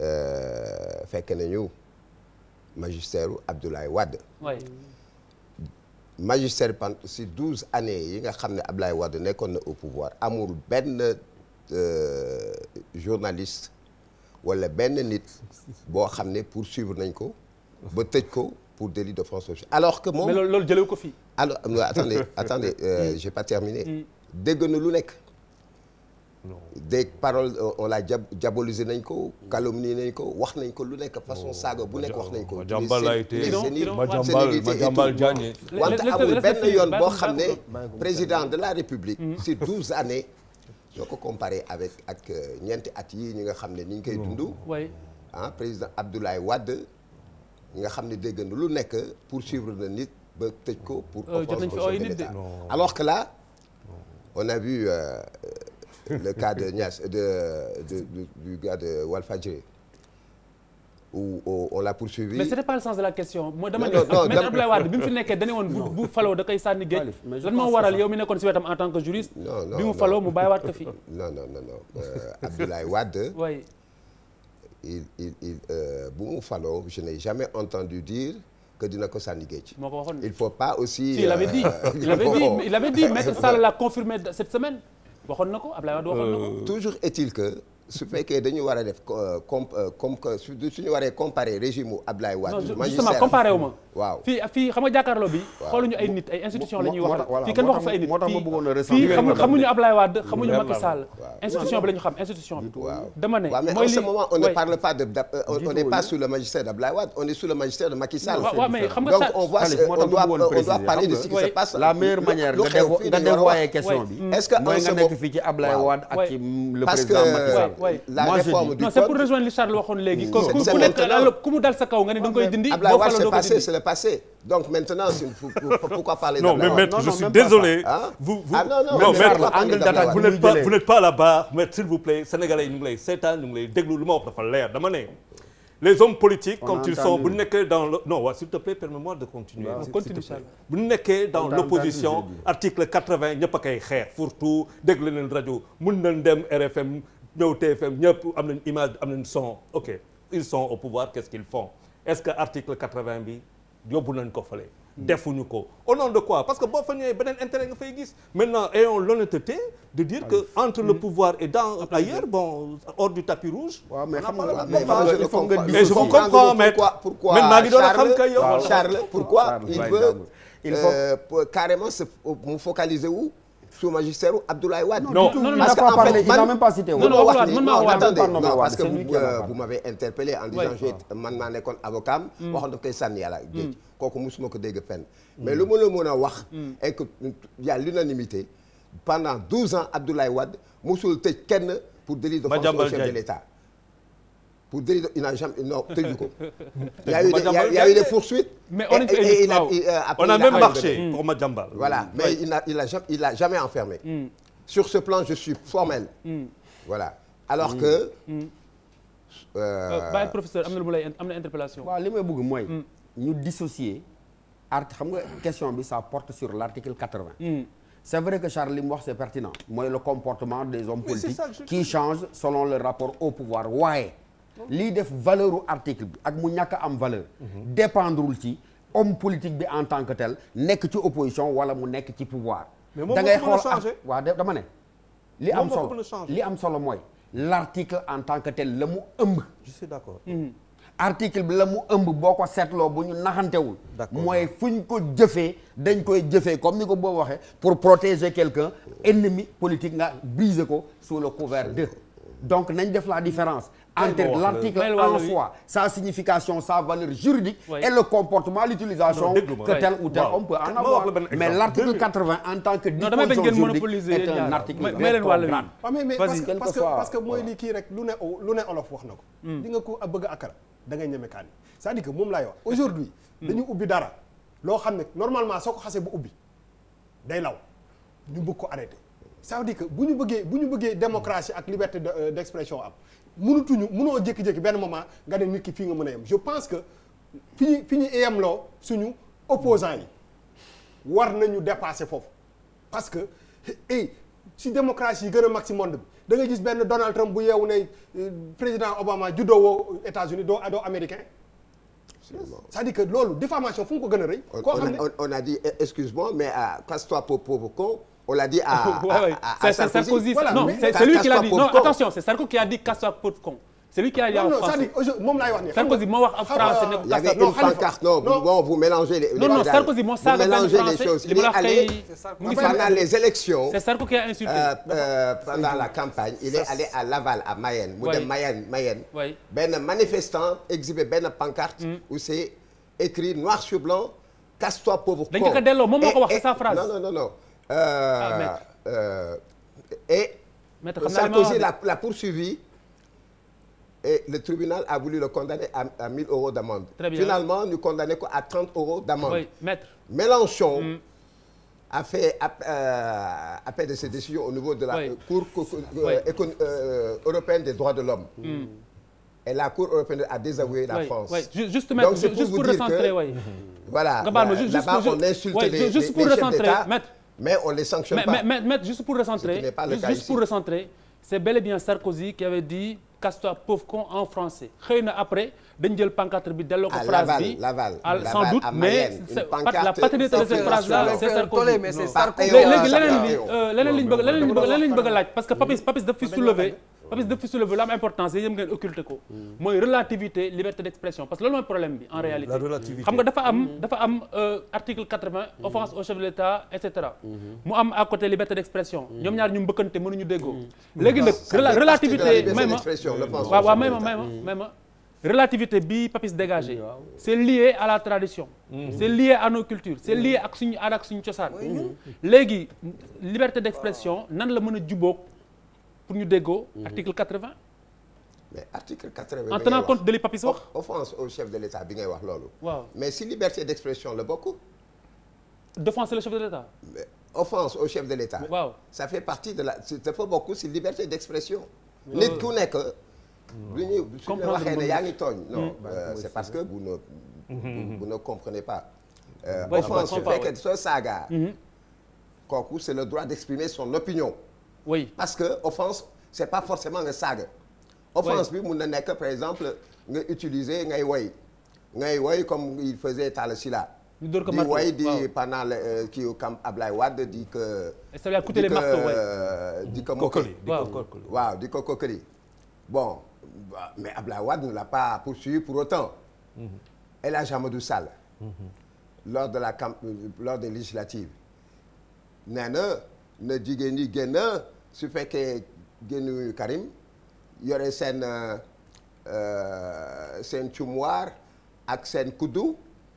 euh, fekk nañu magistère u Abdoulaye Wade pan si douze années yi nga xam ne Abdoulaye Wade nekkoon na au pouvoir amul benn euh, journaliste wala benn nit boo xam ne poursuivre nañ ko ba tëj ko pour délit d'offense au chef alors que moom mais loolu jëlee ko fii. alors euh, attendez attendez euh, hmm. j'ai pas terminé. Hmm. dégg na lu nekk. non des paroles euh, on l'a diabolisé nañ ko calomnié nañ ko wax nañ ko lu nekk façon saaga bu nekk wax nañ ko. Madiambal a été Madiambal Diagne wante amul benn yoon boo xam ne président de la République. Hmm. sur douze années. soo ko comparé avec ak euh, ñeenti at yi ñi nga xam ne ni ñu koy dund. ah président Abdoulaye Wade. nga xam ne dégg lu nekk poursuivre na nit ba tëj ko pour offense au chef de l'État alors que là on a vu euh, le cas de Niass de, de, de du gars de Walfadjri où, où on l'a poursuivi. mais c'était pas le sens de la question. mooy dama ne mais Abdoulaye Wade bi mu fi nekkee dañu woon bu bu faloo da koy sànni géej. lan moo waral yow mi nekkoon si wetam en tant que juriste. bi mu faloo mu bàyyiwaat ko fi. non non non non euh, Abdoulaye Wade. oui. il il il euh, bu mu faloo je n'ai jamais entendu dire que dina ko sànni géej. moo ko waxoon il faut pas aussi. Si, il avait dit euh, il avait dit il avait dit maître Sall l'a confirmé cette semaine waxoon na ko Abdoulaye Wade waxoon na ko. Euh, toujours est-il que. su fekkee dañu war a def euh, euh, com comme que suñu comparer régime u war Wade. magistère justement comparé wu ma. waaw fii xam nga jàkkaarloo bi. waaw xooluñu ay nit ay institution la ñuy wax. institution bi la xam institution bi. waaw en ce on ne parle pas de euh, on on est sous le magistère de Macky Sall. waaw mais xam nga donc on doit on de ce qui se passe. la meilleure manière nga dévoyer question bi. est-ce que mooy nga nekk le président Macky oui. Euh, la Moi réforme du non, code c'est pour rejoindre li Charles waxoon léegi. ku nekk la ku mu dal sa kaw nga ne da nga koy dindi. boo faloo doo ko dindi Ablaye Wade c'est passé c'est le passé. donc maintenant c'est pourquoi parler non mais maître je suis désolé. vous vous ah, non maître angle d'attaque vous n'êtes pas vous n'êtes pas là-bas maître s'il vous plaît sénégalais ñu ngi lay seetaan ñu ngi lay déglu lu ma wax dafa leer dama ne. les hommes politiques quand ils sont bu nekkee dans le non waaw s'il te plaît permets-moi de continuer bu nekkee dans l'opposition article 80 ñëpp a koy xeex surtout déglu leen rajo mën nañ dem RFM ñëw TFM ñëpp am nañ image am nañ son ok ils sont au pouvoir qu'est-ce qu'ils font est-ce que article 80 bi yóbbu nañ ko fale hmm. defuñu ko au nom de quoi parce que boo fa ñëwee beneen intérêt nga fay gis maintenant ayons l'honnêteté de dire que entre le hmm. pouvoir et dans ailleurs bon hors du tapis rouge. mais xam nga il mais je vous comprends mais pourquoi maa ngi doon xam que yow euh, focaliser wu. sous magistère Abdoulaye Wade. non non non parce que en fait man même pas cité non non non parce que vous euh, m'avez interpellé man maa nekkoon avocat am. Mm. Mm. waxoon daf koy sànni yàlla géej. Mm. kooku mosuma ko dégg fenn. mais lu ma la mën a wax. et que y a l'unanimité pendant douze ans kenn pour délit de fonction de l'État. pour délit il n'a jamais a eu des a eu mais euh, on a même marché pour Madiambal. voilà mais il n'a a jamais a enfermé. Mm. sur ce plan je suis formel. Mm. alors mm. que. Euh, euh, bàyyi professeur am na lu interpellation. waaw li may bëgg question bi ça porte sur l'article quatre-vingt. c'est vrai que Charles li c'est pertinent. mooy le comportement des hommes politiques qui changent selon le rapport au pouvoir lii def valeur u article bi ak mu ñàkk am valeur dépendrul ci homme politique bi en tant que tel nekk ci opposition wala mu nekk ci pouvoir da ngay xool waaw dama ne li am solo li am solo mooy l'article en tant que tel la mu ëmb je suis mm-hmm. article bi la mu ëmb boo ko seetloo bu ñu naxantewul mooy fu ñu ko jëfee dañ koy jëfee comme ni ko boo waxee pour protéger quelqu'un ennemi politique nga briser ko sous le couvert de donc nañ def la différence entre l'article en soi sa signification sa valeur juridique et le comportement l'utilisation que tel ou tel homme peut en avoir mais l'article 80 en tant que disposition juridique est un article grave mais ah, parce que mooy lii kii rek lu ne lu ne olof wax na ko hmm. di nga ko bëgg akara da ngay ñeme kaani cest à moom laay wax aujourd'hui hmm. dañu ubbi dara loo xam ne normalement soo ko xasee bu ubbi day law ñu bëgg ko arrêté ça veut dire que bu ñu bëggee bu ñu bëggee démocratie ak liberté d' euh, expression am mënutuñu mënoo jékki-jékki benn moment nga ne nit ki fii nga mën a yem je pense que fi ñu fi ñu yemloo suñu opposants yi war nañu dépasser foofu parce que hey si démocratie yi gën a mag si monde bi da nga gis benn Donald Trump bu yeewu ne euh, président Obama juddoo woo États-Unis doo doo américain cest à que loolu diffamation fu mu ko gën a rëy. koo xam ne on a dit eh, excuse-moi mais à ah, casse-toi pour on Sarkozy. Sarkozy. Voilà, non c'est l'a dit non attention c'est Sarko qui a dit casse-toi pauvre con. c'est lui qui a dit en français moom laay wax nii. Sarkozy moo wax en y pancarte non bon vous mélangez les. non non Sarkozy moo saaga benn français li mu la xëy. pendant les élections c'est Sarko a euh, euh, pendant la campagne il est allé à Laval à Mayenne. mu manifestant exhibé benn pancarte. Mm. où c'est écrit noir sur blanc casse-toi pauvre Euh, euh, et Sarkozy l'a, l'a poursuivi et le tribunal a voulu le condamner à, à 1000 euros d'amende. Très bien. Finalement, nous condamnons à 30 euros d'amende. Oui, maître. Mélenchon mm. a fait appel euh, de ses décisions au niveau de la oui. Cour, cour euh, oui. euh, européenne des droits de l'homme. Mm. Et la Cour européenne a désavoué la France. Juste, maître, Donc, pour juste, pour recentrer, que, Voilà, là-bas, on insulte les, les, les chefs d'État. Maître. mais on les sanctionne mais, pas. Mais, mais, mais, juste pour recentrer, c'est bel et bien Sarkozy qui avait dit casse pauvre con en français. Xëy na après dañ jël pancarte bi delloo ko phrase bi sans doute mais la paternité de cette phrase c'est Sarkozy mais c'est Sarkozy léegi leneen li leneen liñ bëgg leneen liñ Papis dafa soulever lu am importance yéen ngeen occulté ko. mooy relativité liberté d' expression parce que loolu mooy problème bi en hmm. réalité. la relativité dafa am hmm. euh, article quatre hmm. au chef de l' état et mu am à côté liberté d' expression. ñoom ñaar ñu mbëkkante mënuñu déggoo. léegi nag relativité may ma relativité bi Papis dégagé c'est lié à la tradition c'est lié à nos cultures c'est lié ak suñu aada ak suñu cosaan léegi liberté d'expression nan la mën a jubóog pour ñu déggoo. Mhm. article quatre vingt. mais article quatre vingt. en tenant compte de li Papis offense au chef de l' état bi ngay wax loolu. waaw mais si liberté d' expression la bokk. d'offenser le chef de l' état. mais offense au chef de l' état. waaw ça fait partie de la dafa bokk si liberté d' expression. nit ku hmm. ne yaa ngi tooñ. non hmm. euh, c' que vous ne. Hmm. vous ne comprenez pas. Euh, offense su fekkee soo saaga. kooku c' est le droit d' son opinion. oui parce que offense c'est pas forcément nga saaga. offense bi mun na nekk par exemple nga utiliser ngay woy ngay woy comme il faisait Talla di woy di pendant le euh, kii camp Ablaye di ko. ça bon mais Ablaye Wade ne l'a pas poursuivi pour autant. Mm-hmm. El Hadj Amadou Sall. Mm-hmm. lors de la camp euh, lors des législatives su fekkee génnuñu Karim yore seen euh, euh, seen cumuwaar ak seen kuddu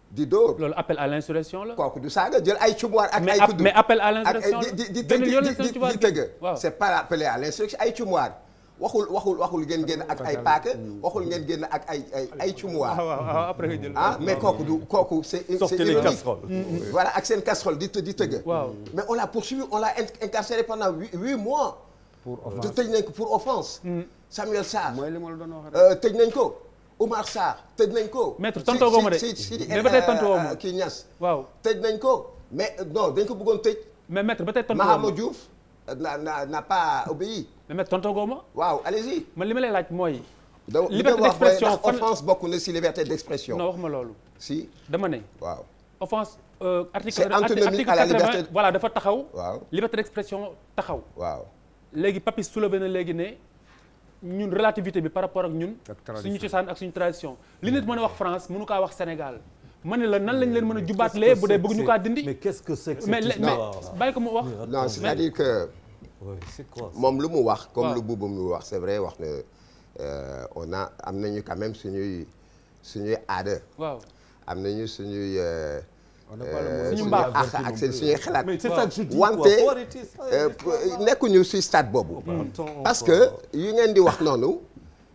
di dóor. loolu appel à l'insurrection la. kooku du saaga jël ay cumuwaar ak ay kuddu mais appel à l'insurrection eh, la di tëgg. c'est pas appelé à l'insurrection ay cumuwaar. waxul waxul waxul ngeen génn ak ay paaka mm. waxul ngeen génn ak ay ay ay cumuwaa ah, mais mm. kooku du kooku c'est c'est ironique mm, voilà ak seen casserole di di tëgg mais on l'a poursuivi on l'a incarcéré pendant huit mois te tëj nañ ko pour offense Samuel Sarr euh, tëj nañ ko Oumar Sarr tëj nañ ko maître tontoo ko ma de mais ba tey tontoo ko ma euh, euh, kii Niass waaw tëj nañ ko mais non dañ ko bëggoon tëj mais maître ba tey tontoo ko ma Mahama Diouf n'a pas obéi. mais mais tontu goo ma. waaw allez-y. man li ma lay laaj mooy. liberté d'expression donc li ma wax mooy offense bokk na si liberté d'expression. non wax ma loolu. si dama ne. waaw offense. Euh, article c'est antinomique à la liberté voilà dafa taxaw. waaw liberté d'expression taxaw. waaw léegi Papy soulevé na léegi ne. ñun relativité bi par rapport ak ñun suñu cosaan ak suñu tradition li nit mën a wax France mënu kaa wax Sénégal ma ne la nan lañ leen mën a jubaatlee bu dee bëgg ñu kaa dindi mais qu'est-ce que c'est que mais bàyyi ko mu wax non c'est-à-dire que moom lu mu wax comme lu buubu mu wax c'est vrai wax na euh, on a am nañu quand même suñuy suñuy aada waaw am nañu suñuy euh, euh, suñu mbaax ak seen suñuy xalaat wante nekkuñu si stade boobu parce que yu ngeen di wax noonu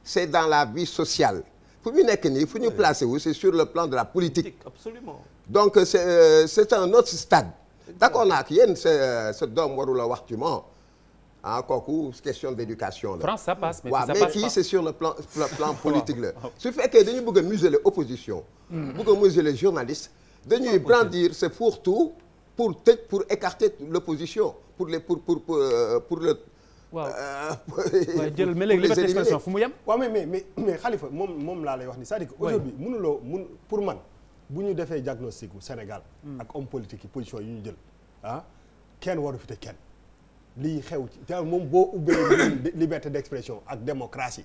c'est dans la vie sociale fu ñu nekk nii fu ñu placé wu c'est sur le plan de la politique absolument donc c'est c'est un autre stade d'accord naak yéen sa se doom warula wax ci moom ah kooku question d'éducation la. France ça passe mais ouais, si c'est sur le plan plan, la. su fekkee dañu bëgg a museler opposition. Hmm. bëgg a museler journaliste. dañuy brandir c'est pour tout pour tëj pour écarter l'opposition pour les pour pour pour, euh, pour le. waaw waaye euh, jël mais léegi fu mu yem. waaw mais mais mais mais Khalifa moom moom laa lay wax ni c'est-à-dire que aujourd'hui mënuloo mun pour man bu ñu defee diagnostic gu Sénégal. Hmm. ak homme politique yi position yi ñu jël ah kenn waru fi te kenn. lii xew ci te moom boo ubbee liberté d'expression ak démocratie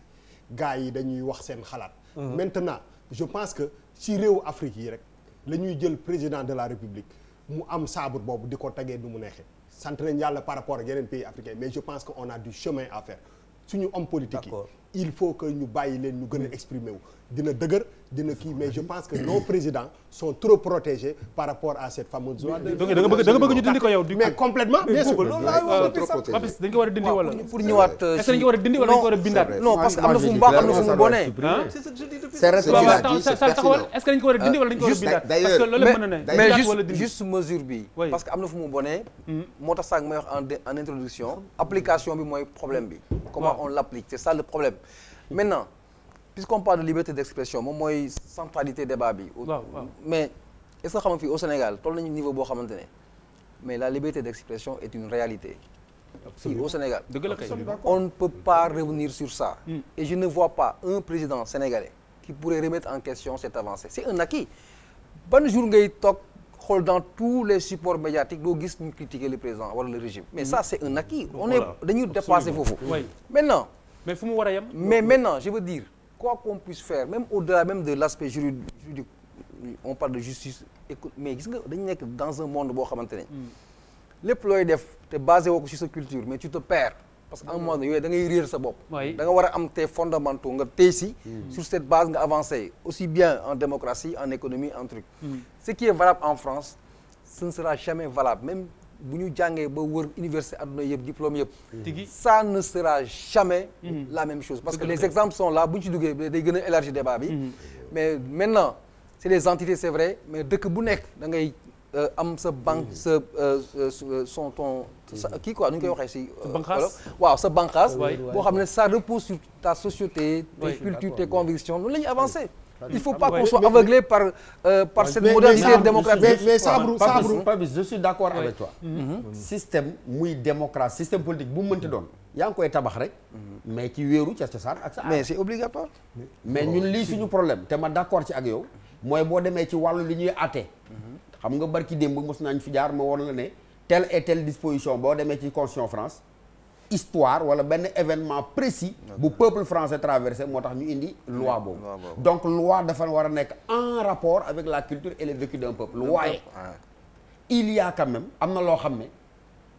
gars yi dañuy wax seen xalaat mhm. maintenant je pense que si réew Afrique yi rek la ñuy jël président de la République mu am saabu boobu di ko tagee nu mu neexee sant nañ yàlla par rapport ak yeneen pays africains mais je pense que on a du chemin à suñu homme politique yi il faut que ñu bàyyi leen ñu gën a dina dëgër dina kii mais je pense que nos présidents sont trop protégés par rapport à cette fameuse loi bëgg ñu dindi ko yow mais ko war dindi wala pour ñëwaat euh, est-ce que dañ ko war dindi wala dañ ko bindaat parce que am na fu mu baax am na fu mu juste mesure bi parce que am na fu mu bonee hmm. moo tax sànq may en introduction application bi mooy problème bi comment on l'applique c'est ça le maintenant puisqu'on parle de liberté d'expression moom mooy centralité débat bi. waaw waaw mais est-ce que xam nga fii au Sénégal toll nañu niveau boo xamante ne mais la liberté d'expression est une réalité. fii au Sénégal. on ne peut pas revenir sur ça. Hmm. et je ne vois pas un président sénégalais qui pourrait remettre en question cette avancée c'est un acquis ban jour ngay toog. xool dans tous les supports médiatiques doo gis ñu critiquer le président wala le régime mais hmm. ça c'est un acquis on est dañu dépasser foofu maintenant mais fu mu war a yem. mais maintenant je veux dire quoi qu'on puisse faire même au-delà même de l'aspect juridique juridique on parle de justice écoute mais gis nga dañu nekk dans un monde boo xamante ne. Hmm. lépp looy def te base woo ko ci sa culture mais tu te parce que à un moment donné ngay réer sa bopp. da nga war a am tes fondamentaux nga tey si. Hmm. sur cette base nga avancé aussi bien en démocratie en économie en truc. Mm. ce qui est valable en France ce ne sera jamais valable bu ñu jàngee ba wër université adduna yëpp diplôme yëpp. Mhm. ça ne sera jamais. Mhm. la même chose parce que les exemples sont là bu ñu ci duggee day gën a de débat mhm. mais maintenant c' est des entités c' est vrai mais dëkk bu nekk dangay euh, am sa banque sa euh, euh, son ton. sa kii quoi nu ñu koy waxee si. waaw sa banqaas boo xam ne ça repose sur ta société. tes cultures tes convictions loolu la ñuy avancé. il faut pas qu'on soit aveuglé par euh, par cette modalité démocratique mais Sabrou Sabrou Papis je suis d'accord avec toi mm-hmm. Mm-hmm. Mm-hmm. système muy démocrate système politique bu mu doon yaa ngi koy tabax rek mais ci wéeru ca cosaan ak sa mais c'est obligatoire mais ñun lii suñu problème te ma d'accord ci ak yow mooy boo demee ci wàllu li ñuy àtte xam nga barki démb mos nañ fi jaar ma woon la ne telle et telle disposition boo demee ci constitution France histoire wala benn événement précis bu peuple français traversé moo tax ñu indi loi boobu donc loi dafa war a nekk en rapport avec la culture et le vécu d'un peuple waaye il y a am na loo xam ne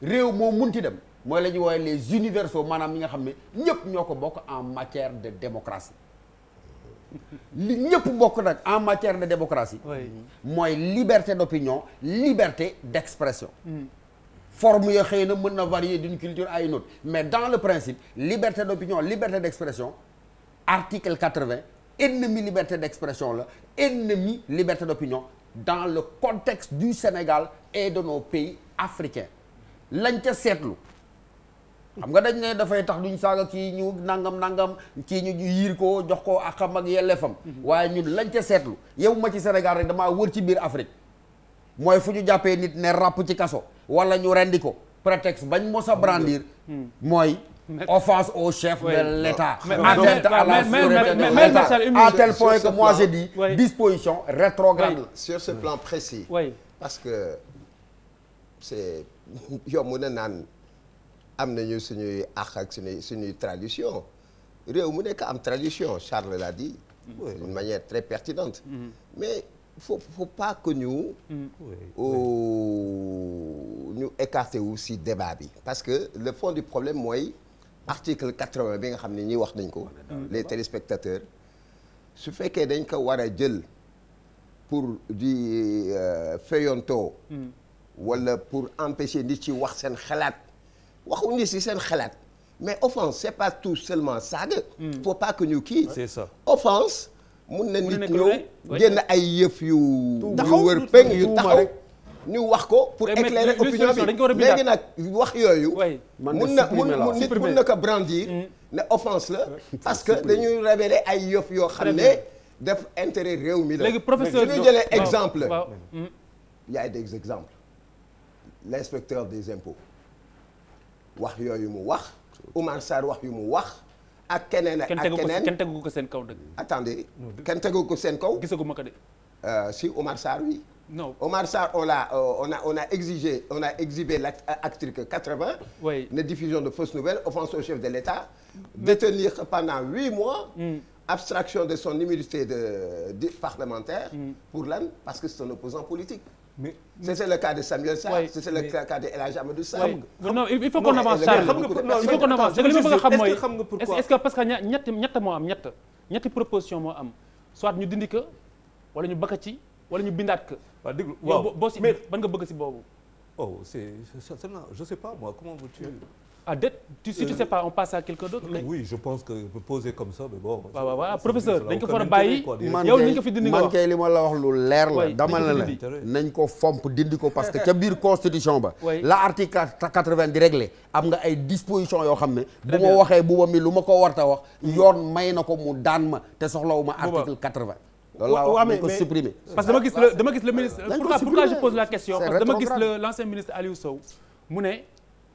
réew moo mun ti dem mooy la ñuy woowee les universaux maanaam ñi nga xam ne ñëpp ñoo ko bokk en matière de démocratie li ñëpp bokk nag en matière de démocratie mooy liberté d'opinion liberté d'expression mm. forme yoo xëy na mën na varier d'une culture à une autre mais dans le principe liberté d'opinion liberté d'expression article 80 ennemi liberté d'expression la ennemi liberté d'opinion dans le contexte du Sénégal et de nos pays africains lañ ca seetlu xam nga dañ dafay tax duñ saaga kii ñu nangam nangam kii ñu yiir ko jox ko ak xam ak yelleefam mhm. waaye ñun lañ ca seetlu yow ma ci Sénégal rek damaa wër ci biir Afrique mooy fu ñu jàppee nit ne rapp ci kaso wala ñu rendi ko prétexte bañ mos a brandir mooy offense au chef oui. de l'État atteinte à la sûreté de l'État à tel point que moi j'ai dit disposition rétrograde oui. ce plan précis parce que c'est yomb mu ne naan am nañu suñuy àq ak suñuy suñuy tradition réew mu nekk am tradition Charles l'a dit mm. d'une manière très pertinente mm-hmm. faut faut pas que ñu. Mm. ñu écarté wu si débat bi. parce que le fond du problème mooy article quatre-vingt bi nga xam ne ñi wax nañ ko. les téléspectateurs. su fekkee dañ ko war a jël pour di euh, feyonto mm. wala pour empêcher nit ci wax seen xalaat. waxuñu ni si seen xalaat. mais offense c'est pas tout seulement saaga. Mm. faut pas que ñu kii. c'est ça mun na nit ñëw génn ay yëf yu. yu wër peng yu taxaw. ñu wax ko pour éclairer opinion bi léegi nag wax yooyu. mun na mun nit mun na ko brandir. Mm. ne offense la parce que dañuy révéler ay yëf yoo xam ne. def intérêt réew mi la. léegi professeur su ñu jëlee exemple. Mm. y a des exemples. l'inspecteur des impôts. wax yooyu mu wax. Oumar Sarr wax yu mu wax. ak keneen ak ko seen kaw dëgg. attendez kenn tegu ko seen kaw. gisaguma ko de. Euh, si Omar Sarr oui. non Omar Sarr on l'a euh, on a on a exigé on a exhibé l'article ne diffusion de fausses nouvelles offense au chef de l'État. détenir pendant huit mois. Hmm. abstraction de son immunité de parlementaire. Hmm. pour lan parce que c'est un opposant politique. mais c'est le cas de Samuel Sarr. c'est le cas de El Hadj Amadou Sarr. non il faut qu'on avance Sarr il faut qu'on avance li ma bëgg a xam mooy est-ce que parce que ñetti ñett moo am ñett ñetti proposition moo am soit ñu dindi ko wala ñu bakk ci wala ñu bindaat ko. waaw déglu waaw boo si ban nga bëgg si boobu. oh c'est je sais pas moi comment veux-tu ah professeur dañ ko war a bàyyi. man kay li ma la wax lu leer la. dama la la nañ ko fomp dindi ko parce que biir constitution ba. la article quatre-vingt di am nga ay dispositions yoo xam ne. bu ma waxee bu mi lu ma ko warta wax. Mm. yoon may na ko mu daan ma te soxlawu ma article quatre-vingt. waaw mais ko supprimer parce dama gis le ministre. pourquoi pourquoi je pose la question. parce dama gis le l'ancien ministre Aliou Sow mu ne.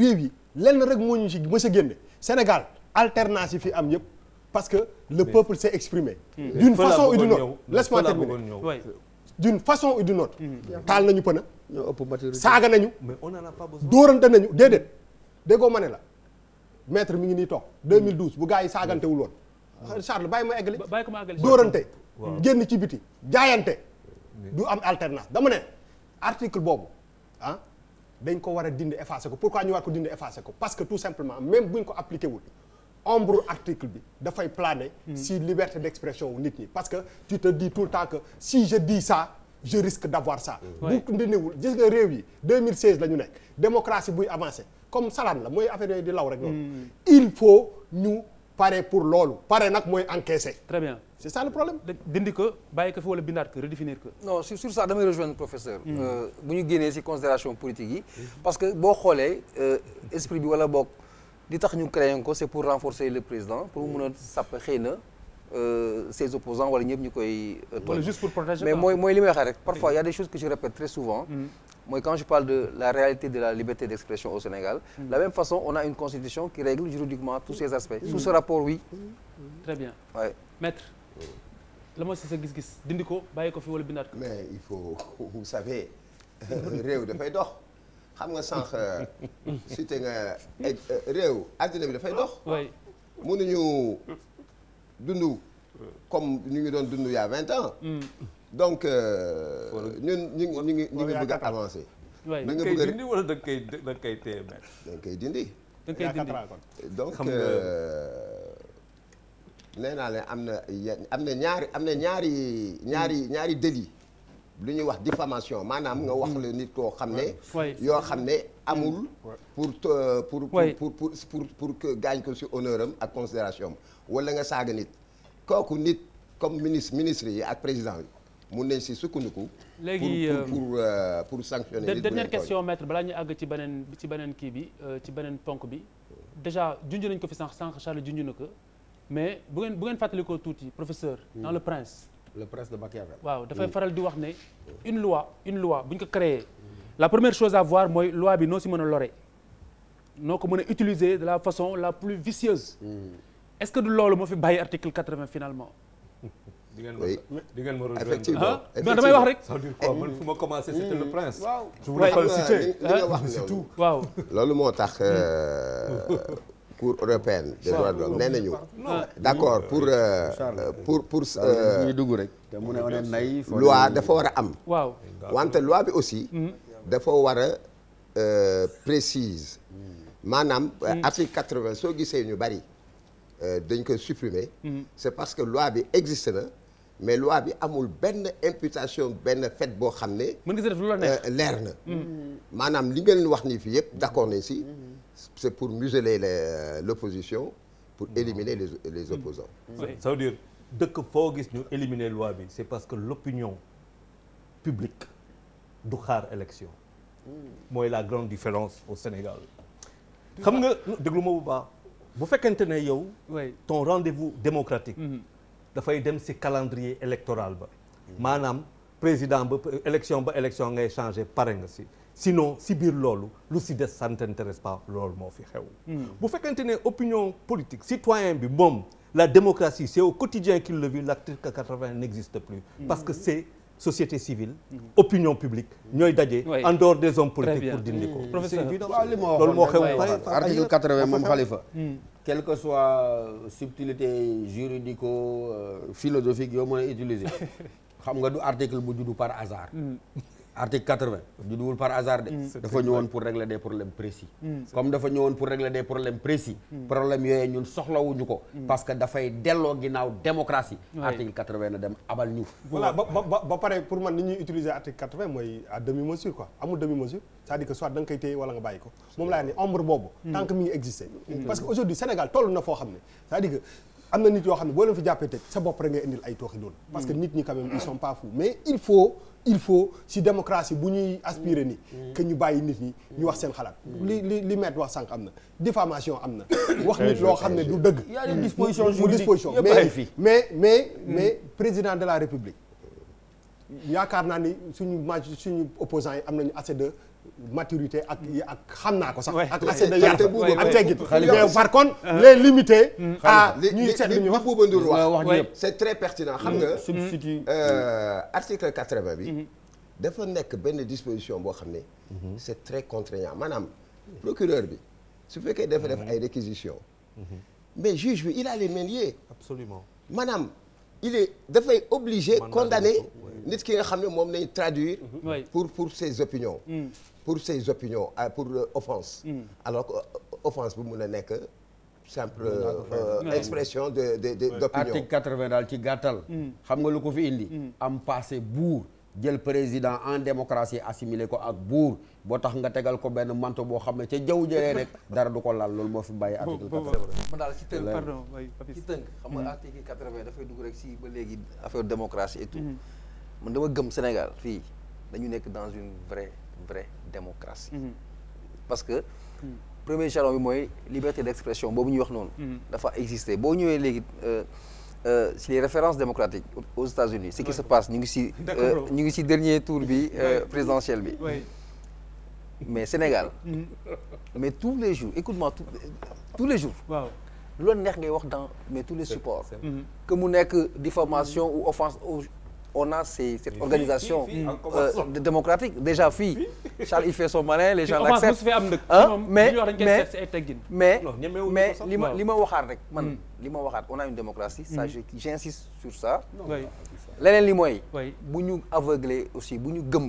réew yi lenn rek moo ñu ci mës a génne Sénégal alternance yi fi am yëpp parce que le peuple s'est exprimé hmm. d'une façon ou d'une autre laisse-moi terminer d'une façon ou d'une autre taal nañu pëna saaga nañu dóorante nañu déedéet déggoo ma ne la maître mi ngi nii toog 2012 hmm. bu gars yi saagantewul woon hmm. Charles bàyyi ma eggali dóorante génn ci biti jaayante du am alternance dama ne article boobu ah, dañ ko war a dindi effacé ko pourquoi ñu war ko dindi effacé ko parce que tout simplement même buñ ko appliqué wul article bi dafay planer hmm. si liberté d'expression wu nit ñi parce que tu te dis tout le temps que si je dis ça je risque d'avoir ça hmm. bu dindiwul gis réew yi 2016 la ñu nekk démocratie buy avancé comme salaan la mooy affaire yooyu di law rek noonu hmm. il faut ñu pare pour loolu pare nag mooy encaisser. très bien c'est ça le problème. dindi ko bàyyi ko fi wala bindaat ko redéfinir ko. non sur sur ça damay rejoindre professeur. Hmm. Euh, bu ñu génnee ci considération politique yi. parce que boo xoolee euh, esprit bi wala bokk di tax ñu créé ko c'est pour renforcer le président pour mu mën a sàpp xëy na. Euh, ses opposants wala ñëpp ñu koy. wala euh, juste pour protéger mais mooy mooy li may waxee parfois y a des choses que je répète très souvent. Mm. mooy quand je parle de la réalité de la liberté d'expression au Sénégal. Mm. de la même façon on a une constitution qui règle juridiquement tous ces aspects. Mm. sous ce rapport oui. la mooy si sa gis-gis dindi ko ko fi wala bindaat mais il faut vous savez réew dafay dox xam nga sànq cité euh, réew adduna bi dafay dundu comme ñu ngi doon dund y'a vingt ans mm. donc euh, ñun ñu ngi ñu ngi ñu ngi bëgg a avancer ñu ngi bëgg a dindi wala da nga koy da nga dindi da nga dindi donc nee naa leen am na am na ñaari am na ñaari mm. ñaari ñaari délit lu ñuy wax diffamation maanaam nga wax mm. la nit koo xam ne yoo xam ne amul. Mm. Euh, pour pour pour pour pour pour que gaañ ko si honneur am ak considération am wala nga saaga nit kooku nit comme ministre ministre yi ak président yi mun nañ si sukkandiku. léegi pour pour euh, euh, sanctionner. nit dernière question maître balaa ñu àgg ci beneen ci beneen kii bi ci beneen ponk bi déjà junj nañ ko fi sànq sànq Charles junj na ko mais bu ngeen bu ngeen fàttalikoo tuuti professeur. Mm. dans le prince. le prince de Machiavel. waaw dafay mm. faral di wax ne une loi une loi bu ñu ko créé. la première chose à voir mooy loi bi noo si mën a lore noo ko mën a de la façon la plus vicieuse. Hmm. est-ce que du loolu moo fi bàyyi article quatre-vingt finalement. di ngeen ma di ngeen ma effectivement ah? damay wax rek. ça veut dire quoi man ma commencé c'était le prince. Hmm. waaw je wax surtout waaw. loolu moo tax. Euh, hmm. cour européenne des droits de nee nañu d'accord pour euh, euh, pour pour ah, ñuy dugg rek te mu ne on est naïf loi dafa war a am wante loi bi aussi dafa war a euh, précise maanaam mm. article quatre-vingt soo gisee ñu bari euh, dañ ko supprimer mm. c'est parce que loi bi existe na mais loi bi amul benn imputation benn fait boo xam ne mën nga si la euh, leer na mm. maanaam li nga leen wax nii fii yëpp d'accord nañ si c'est pour museler l'opposition pour éliminer les les opposants ça veut dëkk foo gis ñu éliminer loi bi c'est parce que l'opinion publique du xaar élection mm. mooy la grande différence au Sénégal xam nga déglu ma bu baax bu fekkente ne yow ton rendez-vous démocratique mm-hmm. dafay dem si calendrier électoral ba mm-hmm. maanaam président ba élection ba élection ngay changé pare nga si sinon si biir loolu lu si des ça ne t'intéresse loolu moo fi xew mm-hmm. bu fekkente ne opinion politique citoyen bi boom la démocratie c'est au quotidien qu'il la vit l'article 80 n'existe plus parce que c'est société civile mhm. opinion publique ñooy daje en dehors des hommes politiques pour dindi ko mhm. professeur waaw li ma waxoon loolu moo xew article 80 moom Khalifa mhm. quelle que soit euh, subtilité juridico euh, philosophique yoo mën a xam nga du article bu juddu par hasard article quatre judduwul par hasard mm. dafa ñëwoon pour régler des problèmes précis mm. comme dafa ñëwoon pour régler des problèmes précis mm. problème yooyu ñun soxlawuñu ko parce que dafay delloo ginnaaw démocratie article quatre-vingt na dem abal ñu voilà ba ba ba pare pour man ni ñuy utiliser article quatre mooy à demi mesure quoi amul demi mesure c'est-à-dire soit da koy téye wala nga bàyyi ko moom laa ne ombre boobu tant que ngi existé parce xam ne c'est-à-dire que am na il faut si démocratie bu ñuy aspirer ni que ñu bàyyi nit ñi ñu wax seen xalaat li li li maître wax sànq am na diffamation am na wax nit loo xam ne du dëgg mu disposition mais mais mais mais président de la république yaakaar naa ni suñu ma suñu opposants yi am nañu assez de maturité ak ak xam naa ko sax. ak assez de yar ak teggit mais par contre euh. les limiter. ah ñuy seet wax Bouba Ndour wax. c'est très pertinent xam nga. substitut euh, article quatre-vingt bi. Mhm. dafa nekk benn disposition boo xam ne. Mhm. c'est très contraignant maanaam procureur bi su fekkee dafa def mhm. ay réquisitions. mais juge bi il a les mains liées. maanaam il est dafay obligé condamner nit ki nga xam ne moom lay traduire. pour pour ses opinions. Mm. pour ses opinions euh, pour euh, offense. Mm. alors que euh, offense bu mun a nekk simple mm. expression de de de d'opinion. article daal ci gàttal. Mm. xam nga lu ko fi indi. am passé buur. jël président en démocratie assimilé ko ak buur boo tax nga tegal ko benn manto boo xam ne ca jaww jëlee rek dara du ko laal loolu moo fi bàyyi article 80 ma daal ci tënk pardon ci tënk dafay dugg rek si ba léegi affaire démocratie et tout man dama gëm Sénégal fii dañu nekk dans une vraie vraie démocratie. Mhm. parce que mhm. premier jalon bi mooy liberté d'expression boobu ñuy wax noonu. Mhm. dafa exister boo ñëwee léegi si euh, euh, les références démocratiques aux États-Unis ce qui se passe ñu ngi si. Euh, ñu ngi si dernier tour bi présidentiel bi. mais Sénégal. mais tous les jours écoute-moi tous les jours. waaw neex ngay wax dans mais tous les supports. que mu nekk diffamation ou offense on a ces, cette organisation euh, démocratique déjà fii Charles il fait son malin les gens l'acceptent mais mais li ma li ma man mm. li ma waxaat on a une démocratie ça mm. j'insiste sur ça leneen li mooy bu ñu aveuglé aussi bu ñu gëmm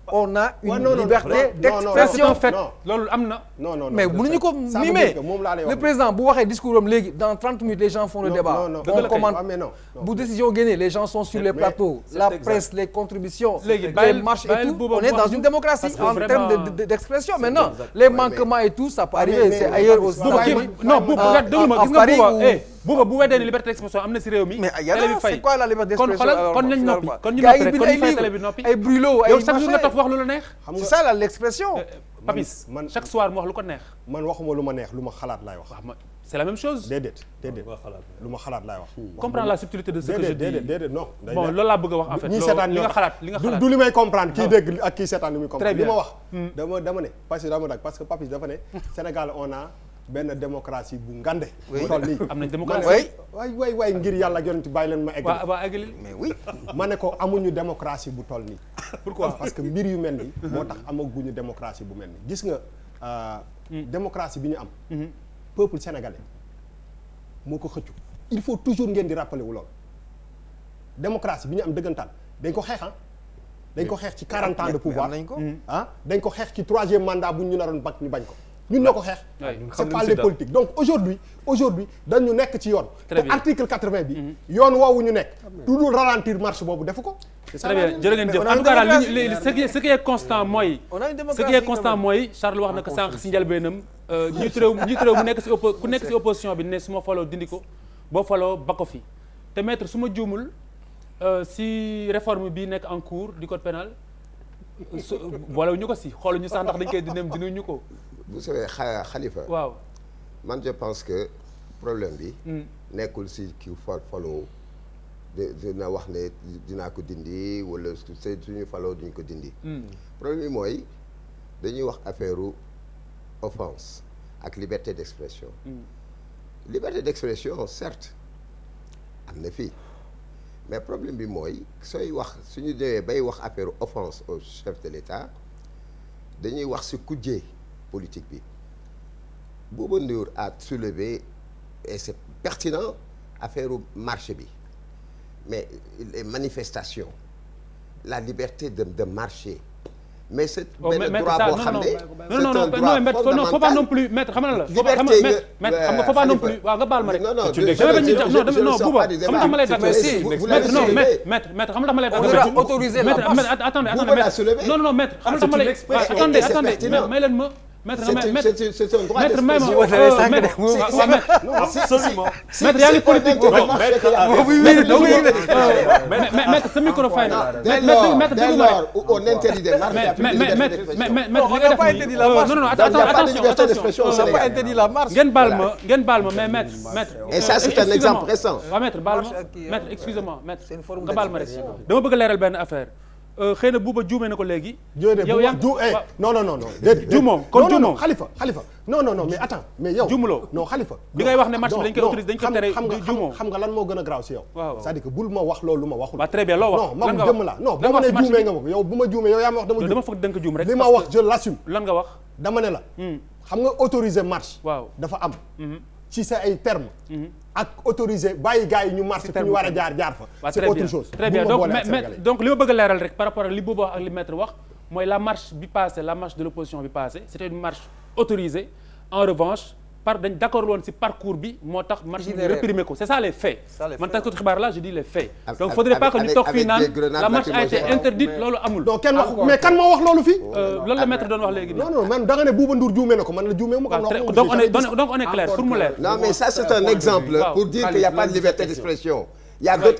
on a une liberté d'expression faite loolu am na mais mënuñu ko mimer le président bu waxee discours am léegi dans trente minutes les gens font le débat on commande ah, bu décision génnee les gens sont sur les plateaux la presse les contributions les marches et tout on est dans une démocratie en termes d'expression maintenant les manquements et tout ça peut ah, arriver c'est ailleurs aussi non bu ah, déglu ma buuba bu weddee ni liberté d'expression am na si réew mi. mais yàlla c'est quoi la liberté d'expression chaque xam nga c'est ça la l'expression. Euh, euh, Papis man soir mu wax lu ko neex. man waxuma lu ma neex lu ma xalaat laay wax. c'est la même chose. déedéet déedéet lu ma xalaat laay wax. Hmm. comprendre la subtilité de ce que a wax en ma wax. Hmm. dama dama ne parce dama dag parce que Papis dafa ne Sénégal on a benn démocratie bu ngande. bu toll nii am nañ démocratie waay waay waay ngir yàlla ak yonent leen ma egg. waaw waaw mais oui. ma ne ko amuñu démocratie bu toll nii. pourquoi parce que mbir yu mel ni moo tax amaguñu démocratie bu mel ni gis nga. Euh, hmm. démocratie bi ñu am. Hmm. peuple sénégalais moo ko xëccu. il faut toujours ngeen di rappeler wu loolu. démocratie bi ñu am dëggantaan dañ ko xeex ah. dañ ko xeex ci 40 ans de pouvoir ah dañ ko xeex ci troisième mandat bu ñu naroon bañ ñu bañ ko. ñun ne ko xeex c'est pas les politiques donc aujourd'hui aujourd'hui dañu nekk ci yoon te article 80 bi mhm. yoon woowu ñu nekk du dul ralentir marche boobu defu ko très bien jërë ngeen jëf en tout cas mooy ce na ko sànq si njëlbeenam euh, njiitu réew njiitu réew mu nekk si oppo ku nekk si opposition bi ne su ma faloo dindi ko boo faloo ba ko fi te mettre su ma juumul euh, si réforme bi nekk en cours du code pénal ñu ko si xool ñu sax ndax dañ koy dinem ñu ko vous savez xalifa waaw man je pense que problème bi. Hmm. nekkul si ki fal faloo dina wax ne dinaa ko dindi wala suñu faloo duñ ko dindi. Hmm. problème bi mooy dañuy wax affaire offense ak liberté d'expression. Mm. liberté d'expression certes am na fii mais problème bi mooy sooy wax suñu demee bay wax affaire offense au chef de l'État dañuy wax si kujjee. politique bi Bouba Ndour a soulevé et c'est pertinent affaire marché bi mais les manifestations la liberté de de marcher. mais c'est benn droit boo xam ne c'est un droit fondamental non faut pas non plus maître xam na la faut pas xam nga faut pas non plus waaw nga baal ma rek non non non Bouba xam nga ma lay dagg maître non maître maître xam nga ma lay dagg maître autorisé la marche attendez attendez non non maître xam nga ma lay attendez attendez may leen ma maître c'est un droit maître yaa euh, ngi politique ah, maître sa micro fay na maître dès lors où on interdit des marques ngeen baal ma ngeen baal ma mais maître maître et ça euh, c'est un exemple récent waaw maître baal ma maître euh, excusez-moi maître nga baal ma rek dama bëgg leeral benn affaire Euh, xëy na buuba juumee na ko léegi. yow yaa ju eh, non non non non. déedéet ju moom kon ju wax ne match bi dañ koy autorisé dañ koy tere ju moom lan moo gën a graaw si ma wax la non boo ma nee nga ma ko yow bu ma juumee yow dama juum. dënk juum rek li ma wax je l'assume. lan nga wax dama ne la. Hmm. xam nga autoriser marche. dafa am. Hmm. ci sa ay termes. Mhm. ak autorisé bàyyi gars yi ñu marche fu a jaar jaar fa. c'est autre chose très bien donc li ma bëgg a leeral rek par rapport ak li boobu wax ak li maître wax mooy la marche bi passée la marche de l'opposition bi passée c'était une marche autorisée en revanche. par dañ d' accord si parcours bi moo tax. man ñu réprimer ko c' ça les faits. man taskatu xibaar la je dis les faits. donc faudrait que ñu toog fii naan la marche a été interdite loolu amul. donc kenn wax mais loolu fii. Euh, loolu la maître doon wax léegi. non non ne Bouba Ndour juumee na ko man la juumee mu ko. donc on non mais ça c' un exemple. pour dire que y' a pas de liberté d' expression. a d' autres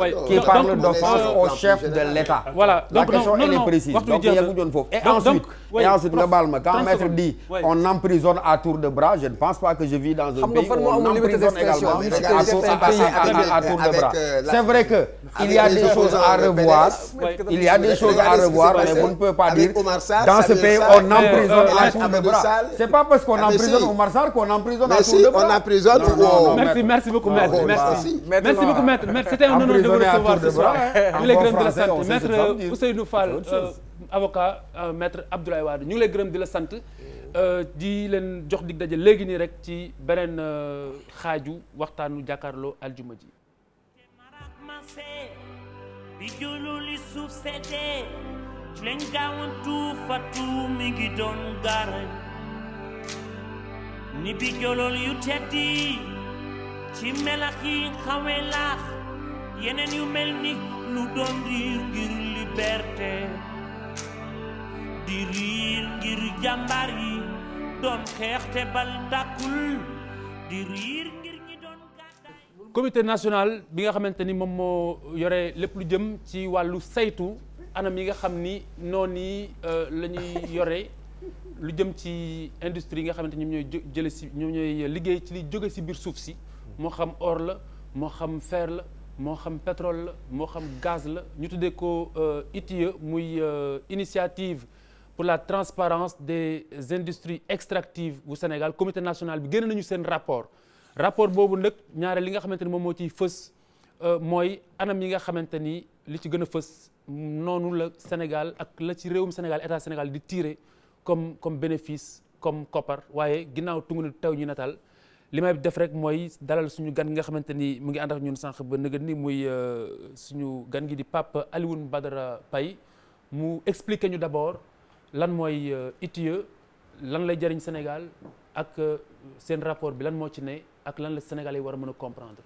oui. qui donc, parle euh, au chef de l'État euh, donc, elle est précise donc yeggu joon foofu et ensuite et ensuite nga baal ma dit on emprisonne à tour de bras je ne pense pas que je vis dans un pays on emprisonne également à tour de bras euh, c'est vrai que il y a des choses à revoir il y a des choses à revoir mais vous ne pouvez pas dire dans ce pays on emprisonne à tour de bras c'est pas parce qu'on ah, emprisonne Oumar Sarr qu'on emprisonne à tour de bras merci merci de vous recevoir ce lay gërëm di sant euh, avocat euh, maître Abdoulaye Wade ñu ngi lay gërëm di la sant euh, di leen jox dig daje léegi nii rek ci beneen xaaju waxtaanu jàkkaarloo aljuma ji bi julu li suuf seetee leen gaawantu fatu mi ngi doon gaarañ ni bi jolool yu teddi ci melax yi yeneen yu mel ni lu doon riir ngir liberté di riir ngir jàmbaar yi doon xeexte bal tàkkul di riir ngir ñi doon gàddaay comité national bi nga xamante ni moom moo yore lépp lu jëm ci wàllu saytu anam yi nga xam ni noonu yi euh, la ñuy yore lu jëm ci industrie yi nga xamante ñoom ñooy jële si ñoom ñooy liggéey ci li jóge si biir suuf si moo xam or la moo xam fer la moo xam pétrole la moo xam gaz la ñu tuddee ko euh, ITIE muy euh, initiative pour la transparence des industries extractives bu Sénégal comité national bi génne nañu seen rapport rapport boobu nag ñaare li nga xamante ni moom moo ciy fës euh, mooy anam yi nga xamante ni li ci gën a fës noonu la Sénégal ak la ci réewum Sénégal état Sénégal di tirer comme comme bénéfice comme koppar waaye ginnaaw tungu ni taw ñu nataal li may def rek mooy dalal suñu gan nga xamante ni mu ngi ànd ak ñun sànq ba nëgën nii muy euh, suñu gan gi di Pape Alioune Badara pay mu expliquer ñu d'abord lan mooy euh, ITIE lan lay jariñ Sénégal ak euh, seen rapport bi lan moo ci ne ak lan la Sénégal yi war a mën a comprendre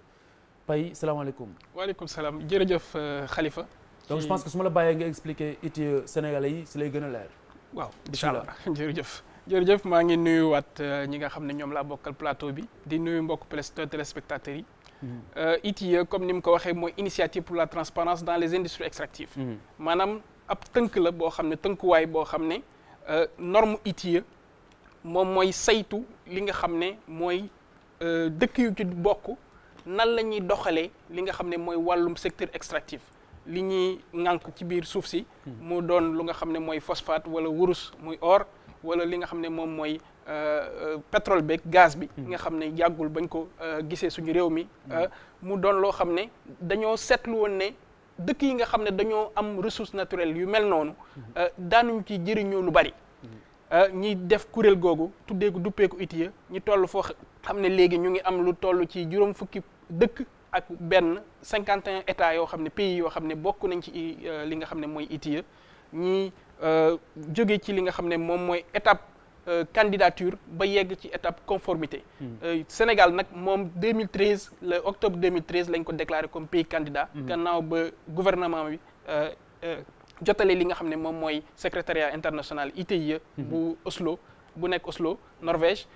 Paye salaamaaleykum. waaleykum salaam jërëjëf xalifa donc je pense que su ma la bàyyee nga expliquer ITIE sénégal yi si lay gën a leer. waaw incha allah jërëjëf. jërëjëf maa ngi nuyuwaat euh, ñi nga xam ne ñoom laa bokkal plateau bi di nuyu mbokk téléspectateurs yi. Mm-hmm. Euh, ITIE comme ni mu ko waxee mooy initiative pour la transparence dans les industries extractives. Mm-hmm. maanaam ab tënk la boo xam ne tënkuwaay boo xam ne euh, norme ITIE moom mooy saytu li nga xam ne mooy dëkk yu ci bokk nan la ñuy doxalee li nga xam ne mooy wàllum secteur extractif. li ñuy ŋànk ci biir suuf si. Mm-hmm. mu doon lu nga xam ne mooy phosphate wala wurus muy or. wala li nga xam ne moom mooy euh, euh, pétrole beeg gaz bi. Hmm. nga xam ne yàggul bañ ko euh, gisee suñu réew mi. Hmm. mu doon loo xam ne dañoo seetlu woon ne dëkk yi nga xam ne dañoo am ressources naturelles yu mel noonu. Hmm. daanuñ ci jëriñoo lu bari. ñi def kuréel googu tuddee ko duppee ko ITIE ñi toll foo xam ne léegi ñu ngi am lu toll ci juróom fukki dëkk. ak benn 51 états yoo xam ne pays yoo xam ne bokk nañ ci li nga xam ne mooy ITIE ñii Euh, jóge ci li nga xam ne moom mooy étape euh, candidature ba yegg ci étape conformité. Hmm. Euh, Sénégal nag moom 2013 le octobre 2013 lañ ko déclaré comme pays candidat. Hmm. gannaaw ba gouvernement bi. jotale li nga xam ne moom mooy secretariat international ITIE. Hmm. bu Oslo bu nekk Oslo Norvège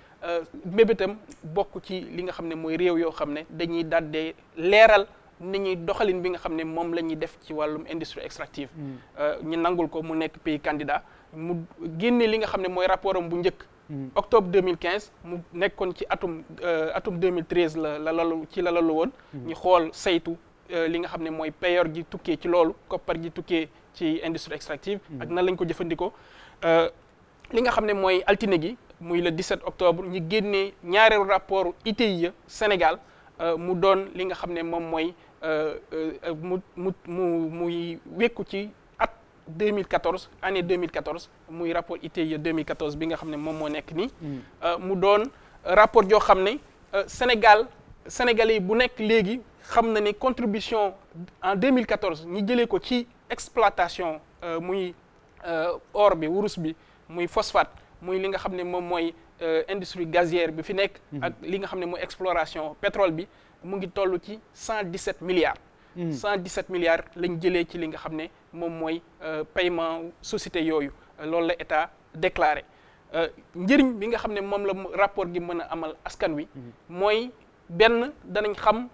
mébétam bokk ci li nga xam ne mooy réew yoo xam ne dañuy daal di leeral. ni ñuy doxalin bi nga xam ne moom la ñuy def ci wàllum industrie extractive. Hmm. Euh, ñu nangul ko mu nekk pays candidat mu génne li nga xam ne mooy rapport am bu njëkk. Hmm. octobre 2015 mu nekkoon ci atum euh, atum 2013 la la lalu ci la lalu woon. Hmm. ñu xool saytu euh, li nga xam ne mooy payeur ji tukkee ci loolu koppar ji tukkee ci industrie extractive. ak na lañ ko jëfandikoo. li nga xam ne mooy altine gi muy le 17 octobre ñu génnee ñaareelu rapport ITIE Sénégal mu doon li nga xam ne moom mooy. Euh, euh, mu mu mu muy wékku ci at 2014 année 2014 muy rapport ITIE 2014 bi nga xam ne moom moo nekk nii. Hmm. Euh, mu doon rapport joo xam ne Sénégal sénégalais bu nekk léegi xam na ni contribution en mille 2014 ñi jëlee ko ci exploitation muy or bi wurus bi muy phosphate muy li nga xam ne moom mooy industrie gazière bi fi nekk. Hmm. ak li nga xam ne mooy exploration pétrole bi. mu ngi toll ci cent dix sept milliards. Hmm. cent dix sept milliards lañ jëlee ci li nga xam ne moom mooy euh, paiement société yooyu loolu la état déclaré euh, njëriñ bi nga xam ne moom la rapport gi mën a amal askan wi. Hmm. mooy benn danañ xam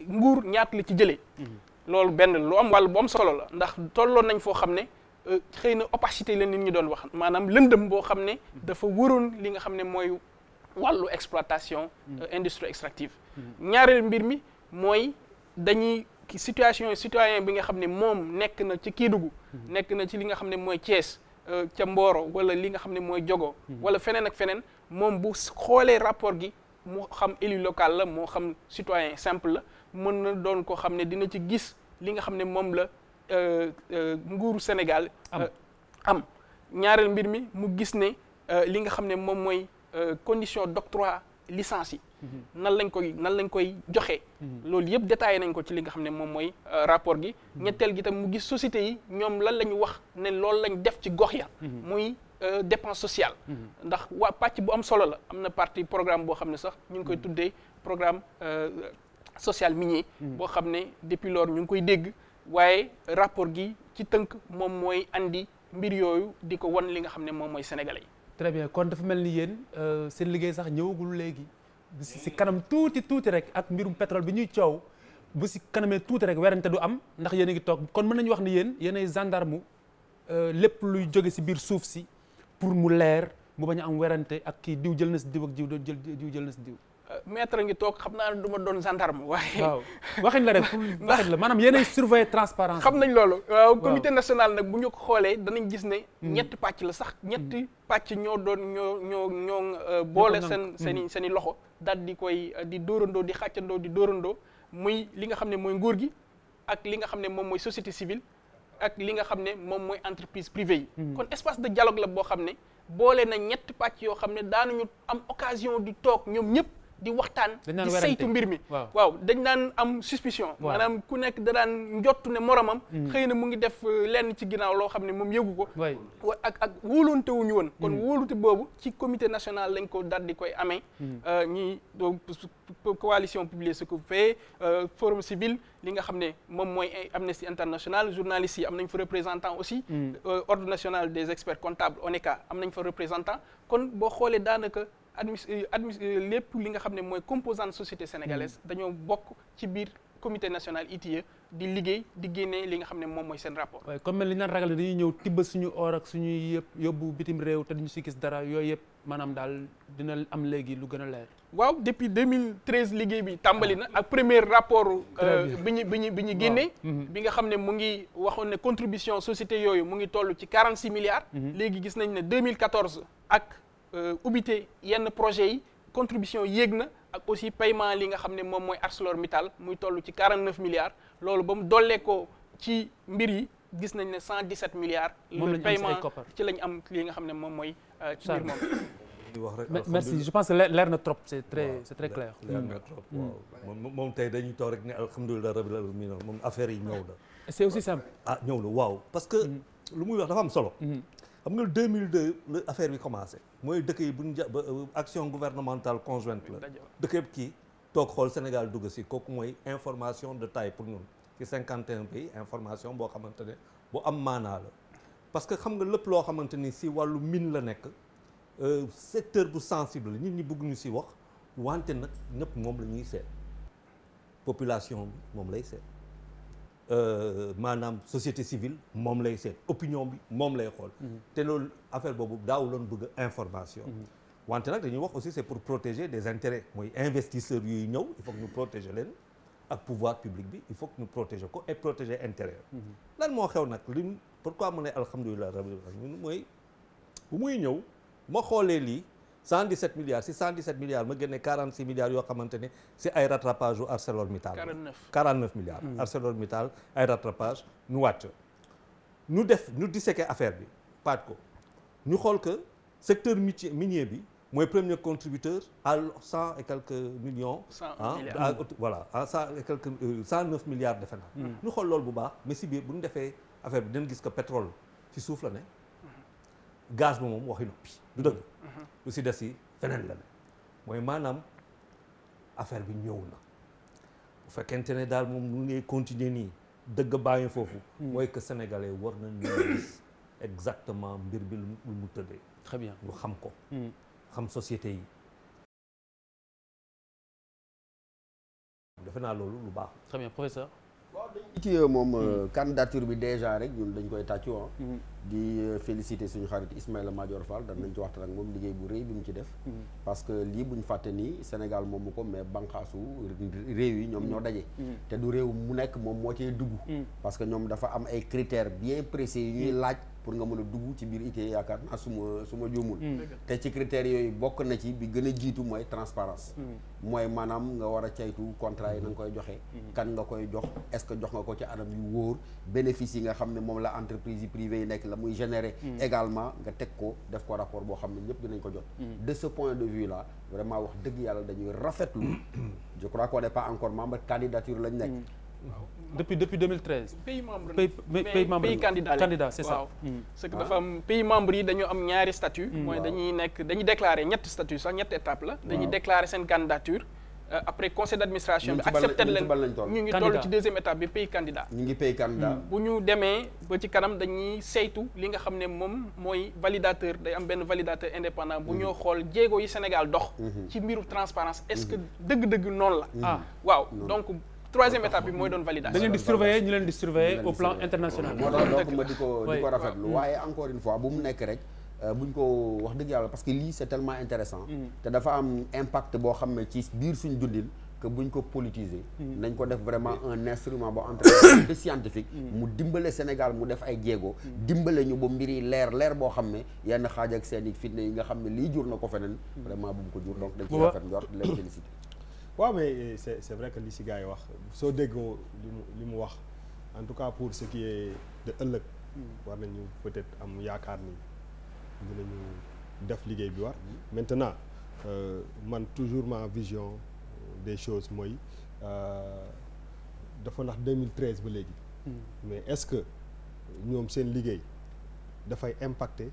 nguur ñaat la ci jëlee. Hmm. loolu benn lu am wàll bu am solo la ndax tolloon nañ foo xam ne. Euh, xëy na opacité la nit ñi doon wax maanaam lëndëm boo xam ne dafa wëroon li nga xam ne mooy wàllu exploitation mm. euh, industrie extractive ñaareel mbir mi mooy dañuy situation citoyen bi nga xam ne moom nekk na ci Kédougou mm-hmm. nekk na ci li nga xam ne mooy Thiès euh, ca Mboro wala li nga xam ne mooy Jogo mm-hmm. wala feneen ak feneen moom bu xoolee rapport gi mu xam élu local la moo xam citoyen simple la mën na doon koo xam ne dina ci gis li nga xam ne moom la euh, nguuru Sénégal am ñaareel mbir mi mu gis ne li nga xam ne moom mooy Euh, condition d'octroi licence yi mhm. nan lañ koy nan lañ koy joxe. Mhm. loolu yëpp détaillé nañ ko ci li nga xam ne moom mooy euh, rapport gi mhm. ñetteel gi tam mu gis société yi ñoom lan la ñu wax ne loolu lañ def ci gox ya muy euh, dépense sociale ndax waa pàcc bu am solo la am na partie programme boo xam ne sax ñu ngi koy tuddee programme social minier boo xam ne depuis lors ñu ngi koy dégg waaye rapport gi ci tënk moom mooy andi mbir yooyu di ko wan li nga xam ne moom mooy sénégalais yi très kon dafa mel ni yéen euh, seen liggéey sax ñëwagul léegi. si kanam tuuti tuuti rek ak mbirum petrole bi ñuy coow bu si kanamee tuuti rek werante du am ndax yéen a ngi toog kon mën nañu wax ni yéen yéen ay gendarme euh, lépp luy jóge si biir suuf si pour mu leer mu bañ am werante ak kii diw jël na si diw ak diw jël diw jël na si diw. maître ngi toog xam naa ne du ma doon gendarme waaye. waaw waxin la rek waxin la maanaam yéenay surveiller transparence xam nañ loolu. waaw comité national nag bu ñu ko xoolee danañ gis ne. Hmm. ñetti pàcc la sax hmm. ñetti pàcc ñoo doon ñoo ñoo ñoo euh, boole seen hmm. seen i seen i loxo. daal di koy euh, di doorandoo di xàccandoo di doorandoo muy li nga xam ne mooy nguur gi ak li nga xam ne moom mooy société civile. ak li nga xam ne moom mooy entreprise privée yi. kon espace de dialogue la boo xam ne. boole na ñetti pàcc yoo xam ne daanuñu am occasion di toog ñoom ñëpp. di waxtaan di saytu mbir mi waaw dañ daan am suspicion maanaam ku nekk da daan njottu ne moromam mm. xëy na mu ngi def euh, lenn ci ginnaaw loo xam ne moom yëgu ko ak ak wóolonte wuñu woon kon mm. wóolute boobu ci comité national lañ ko daal di koy amee mm. euh, ñi coalition publier ce que fait euh, forum civil li nga xam ne moom mooy eh, Amnesty International journalistes yi am nañ fa représentant aussi ordre national des experts comptables ONECA am nañ fa représentant kon boo xoolee daanaka admis euh, admis euh, lépp li nga xam ne mooy composante société sénégalaise mm. dañoo bokk ci biir comité national ITIE di liggéey di génnee li nga xam ne moom mooy seen rapport. comme li ñu naan ragal dañuy ñëw tibb suñu or ak suñuy yëpp yóbbu bitim réew te duñu si gis dara yooyu yëpp maanaam daal dina am léegi lu gën a leer. waaw depuis 2013 liggéey bi tàmbali na ah. ak premier rapport. Euh, bi ñu bi ñu bi ñu génnee. Mm-hmm. bi nga xam ne mu ngi waxoon ne contribution société yooyu mu ngi toll ci 46 milliards. Mm-hmm. léegi gis nañ ne 2014 ak. Euh, ubbite yenn projet yi contribution yéeg na ak aussi paiement li nga xam ne moom mooy ArcelorMittal muy toll ci 49 milliards loolu ba mu dollee ko ci mbir yi gis nañ ne 117 milliards. moom le paiement ci lañ am li nga xam ne moom mooy. Euh, ci mbir moom. merci je pense que leer na trop c'est très c'est très clair. leer na mm. trop mm. waaw moom tey dañuy toog rek ne alhamdulilah rabbil alamin moom affaire yi ñëw na. c'est aussi simple. ah ñëw na waaw parce que. Mm. lu muy wax dafa am solo. xam nga 2002 la affaire bi commencé mooy dëkk yi bu ñu euh, action gouvernementale conjointe la dëkk yëpp kii toog xool Sénégal dugg si kooku mooy information de taille pour ñun ci 51 pays information boo xamante ne bu am maanaa la parce que xam nga lépp loo xamante ni si wàllu mine la nekk euh, secteur bu sensible nit ñi bëgg ñu si wax wante nag ñëpp moom la ñuy seet population bi moom lay seet Euh, maanaam société civile moom lay seet opinion bi moom lay xool mhm. te loolu affaire boobu daawuloon bëgg information mhm. wante nag dañuy wax aussi c'est pour protéger des intérêts mooy investisseurs yuy ñëw il faut que ñu protéger leen ak pouvoir public bi il faut que ñu protéger ko et protéger intérêt mhm. lan moo xew nag li pourquoi mu ne alhamdulilah rabbil alamin mooy bu muy ñëw ma xoolee lii cent 117 milliards si 117 milliards ma génne 46 milliards yoo xamante ne si ay rattrapage u ArcelorMittal 49 49 milliards hmm. ArcelorMittal ay rattrapage ñu wàcc ñu def ñu disséquer affaire bi paaj ko ñu xool ko secteur métier minier bi mooy premier contributeur à cent et quelques millions ah voilà à cent et quelques euh, cent neuf milliards defe naa ñu hmm. xool loolu bu baax mais si biir bu ñu defee affaire bi dinañ gis que pétrole ci suuf la ne gaz bi moom waxi noppi du dëgg mhm. lu si des si feneen la mooy maanaam affaire bi ñëw na bu fekkente ne daal moom nu ngay continuer nii dëgg bàyyi foofu hmm. mooy que sénégalais war nañu gis exactement mbir bi lu mu tëddee très bien ñu xam ko hmm. xam société yi ci moom euh, candidature bi déjà rek ñun dañ koy tàccu ah. Mm-hmm. di euh, féliciter suñu xarit Ismaïla Madior Fall danañ ci waxtaan ak moom liggéey bu rëy bi mu ci def. Mm-hmm. parce que lii bu ñu fàtte nii Sénégal moomu ko mais banqaasu réew yi ñoom ñoo mm-hmm. daje. te du réew mu nekk moom moo cee dugg. parce que ñoom dafa am ay critères bien précis yu ñuy laaj. pour nga mën a dugg ci biir ITIE yaakaar naa su ma su ma juumul hmm. te ci critères yooyu bokk na ci bi gën a jiitu mooy transparence hmm. mooy maanaam nga war a caytu contrat yi na koy joxe hmm. kan nga koy jox est-ce que jox nga ko ci anam yu wóor bénéfice yi nga xam ne moom la entreprise yi privée yi nekk la muy générer également nga teg ko def ko rapport boo xam ne ñëpp dinañ ko jot de ce point de vue là vraiment wax dëgg yàlla dañuy rafetlu je crois qu'on n'est pas encore lañ nekk waaw depuis depuis 2013. pays membre pays pays membre pays hmm. am pays membre yi dañoo am ñaari statut hmm. mooy dañuy nekk dañuy déclarer ñetti statut sax ñett étape la. dañuy déclarer seen candidature. Euh, après conseil d'administration bi accepté leen ñu ngi toll ci deuxième étape bi pays candidat ñu ngi pays hmm. bu ñu demee ba ci kanam dañuy saytu li nga xam ne moom mooy validateur day am benn validateur indépendant bu ñoo xool jéego yi Sénégal dox ci mbiru transparence est-ce que dëgg-dëgg noonu la ah waaw troisième état bi mooy doon validation. da di surveiller leen di surveiller au plan international. moo tax donc ma di ko di ko rafetlu mm. waaye encore une fois bu mu nekk rek. Euh, buñ ko wax dëgg yàlla parce que lii c'est tellement intéressant mm. te dafa am impact boo xam ne ci biir suñ dundin que buñ ko politiser mm. nañ ko def vraiment un instrument boo entre de scientifique mu dimbale Sénégal mu def ay jéego dimbale ñu ba mbiri leer leer boo xam ne yenn xaaj ak seen i fitna yi nga xam ne lii jur na ko feneen vraiment bu mu ko jur donc dañ ci rafet njort leen féliciter waaw mais euh, c' est c' vrai que li si gaa yi wax soo déggoo li mu li mu wax en tout cas pour ce qui est de ëllëg. Mm. war nañu peut-être am yaakaar ni nañu def liggéey bi war. maintenant euh, man toujours ma vision des choses mooy euh, dafa ndax 2013 ba léegi. Mm. mais est-ce que ñoom seen liggéey dafay impacter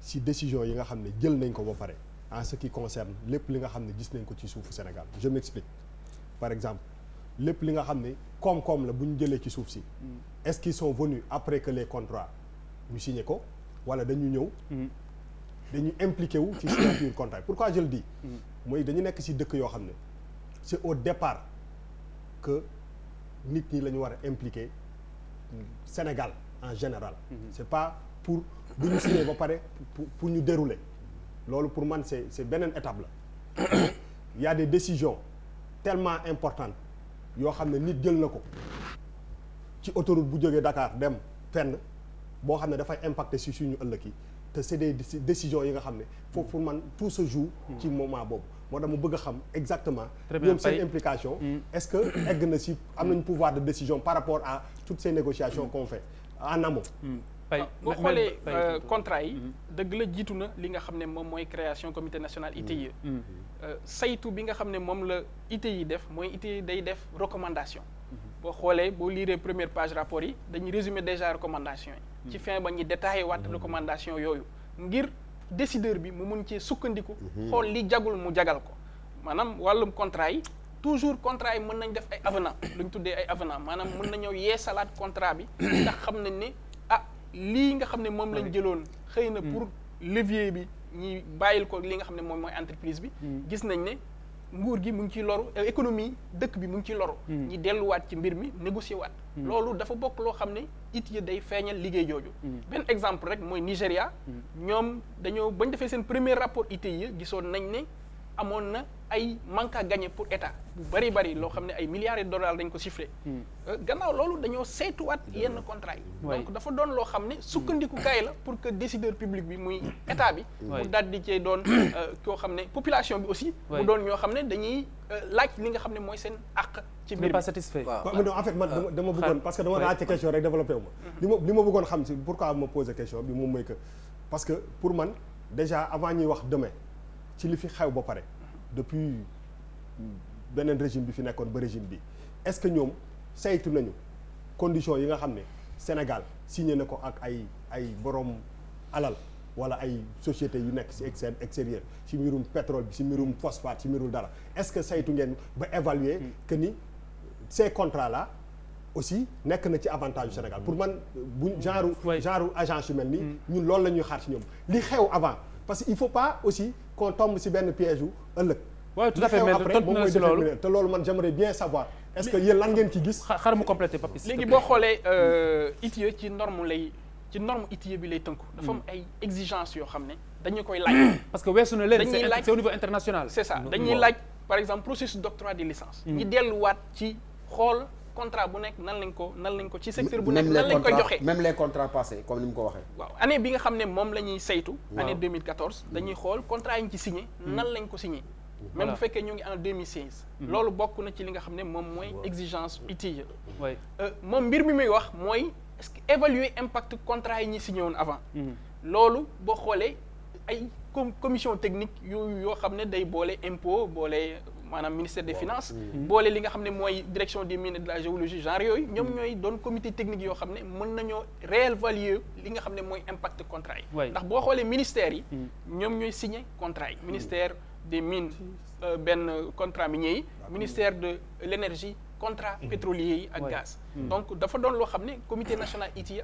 ci décision yi nga xam ne jël nañ ko ba pare. en ce qui concerne lépp li nga xam ne gis nañ ko ci suufu Sénégal je m'explique par exemple lépp li nga xam ne koom-koom la bu ñu jëlee ci suuf si mm. est-ce qu'ils sont venus après que les contrats ñu signé ko wala dañu ñëw mm. dañu impliqué wu ci signature contrat quoi je le dis mm. mooy dañu nekk si dëkk yoo xam ne c'est au départ que nit ñi la ñu war a impliqué Sénégal en général mm-hmm. c'est pas pour bu ñu ba pare pour ñu dérouler loolu pour man c'est c'est beneen étape la il y a des décisions tellement importantes yoo xam ne nit jël na ko ci autoroute bu jógee Dakar dem fenn boo xam ne dafay impacter si suñu ëllëg yi te c'est des décisions yi nga xam ne foofu pour man tout se joue ci moment boobu moo tax mu bëgg xam exactement ñoom seen implication mm. est-ce que egg na si am nañ pouvoir de décision par rapport à toutes ces négociations qu'on fait en amont mm. pay ah, boo xoolee euh, contrat yi. Mm-hmm. dëgg la jiitu na li nga xam ne moom mooy création commité national ITIE. Mm-hmm. Mm-hmm. Euh, saytu bi nga xam ne moom la yi def mooy ITIE day def recommandation. boo xoolee boo liiree première page rapport yi dañuy résumer déjà recommandation yi. ci fin ba ñuy détaillé waat recommandation yooyu ngir décideur bi mu mun cee sukkandiku. xool li jagul mu jagal ko maanaam wàllum contrat yi. toujours contrat yi mën nañ def ay avenant lu ñu tuddee ay avenant maanaam mën nañoo yeesalaat contrat bi ndax nañ ne lii nga xam ne moom lañ jëloon xëy na hmm. pour levier bi ñuy bàyyil ko li nga xam ne moom mooy entreprise bi hmm. gis nañ ne nguur gi mu ngi ciy loru euh, économie dëkk bi mu ngi ci loro hmm. ñi delluwaat ci mbir mi négocier waat loolu dafa bokk loo xam ne it ya day feeñal liggéey jooju benn exemple rek mooy Nigéria ñoom dañoo bañ defee seen premier rapport ITIE gisoon nañ ne amoon na ay manque à gagner pour état bu bari bari loo xam ne ay milliards de dollars dañ ko chiffré. Hmm. Euh, gannaaw loolu dañoo saytuwaat yenn hmm. contra yi. donc dafa doon loo xam ne sukkandikukaay la pour que décideur public bi muy état bi. Hmm. mu daal di cee doon euh, koo xam ne population bi aussi. mu doon ñoo xam ne dañuy euh, laaj li nga xam ne mooy seen àq. ci mbir bi pas satisfait. waaw man ah. dama bëggoon ah. parce que dama laajte question rek développé li ma li xam si pourquoi ma posé question bi moom que pour man déjà avant ñuy wax demain. ci li fi xew ba pare depuis beneen régime bi fi nekkoon ba régime bi est-ce que ñoom saytu nañu conditions yi nga xam ne Sénégal signé na ko ak ay ay borom alal wala ay sociétés yu nekk ci extérieur ci mbirum pétrole bi ci mbirum phosphate ci mbirum dara est-ce que saytu ngeen ba évaluer que ni ces contrats la aussi nekk na ci avantage Sénégal pour man bu genre genre agence yu mel nii mm. ñun loolu la ñuy xaar ci ñoom li xew avant parce que il faut pas aussi qu'on tombe si benn piège wu ëllëg. waaw loolu te loolu man j'aimerais bien savoir. est que yéen lan ngeen ci gis. xaar mu complété Papis. léegi boo xoolee euh, ITIE ci norme lay ci norme ITIE bi lay tënku. dafa am hmm. ay exigences yoo xam ne dañu koy laaj. parce que weesu na leen c'est au niveau international. c'est ça dañuy laaj par exemple processus doctorat de licence. Hmm. ñu delluwaat ci xool. contrat bu nekk nan lañ ko nan lañ ko ci secteur bu nekk nan lañ ko joxe même les contrats passés comme ni mu ko waxee waaw année bi nga xam ne moom la ñuy saytu année mm-hmm. dañuy xool contrat yi ñu ci signé mm-hmm. nan lañ ko signé mm-hmm. même bu fekkee ñu ngi en 2016 loolu bokk na ci li nga xam ne moom mooy exigence ITIE euh, moom mbir mi muy wax mooy est-ce que évaluer impact contrat yi ñu signé woon avant loolu boo xoolee ay commission technique yu yoo xam ne day boole impo boolee maanaam ministère des finance mm. boole li nga xam ne mooy direction des mines et de la géologie genre yooyu mm. ñoom ñooy doon comité technique yoo xam ne mën nañoo réel value li nga xam ne mooy impact contrat yi ndax boo xoolee ministères yi mm. ñoom ñooy signé contrat yi ministère des mines euh, benn contrat minier yi ah, ministère de l'énergie contrat pétrolier yi ak gaz donc dafa doon loo xam ne comité national ITIE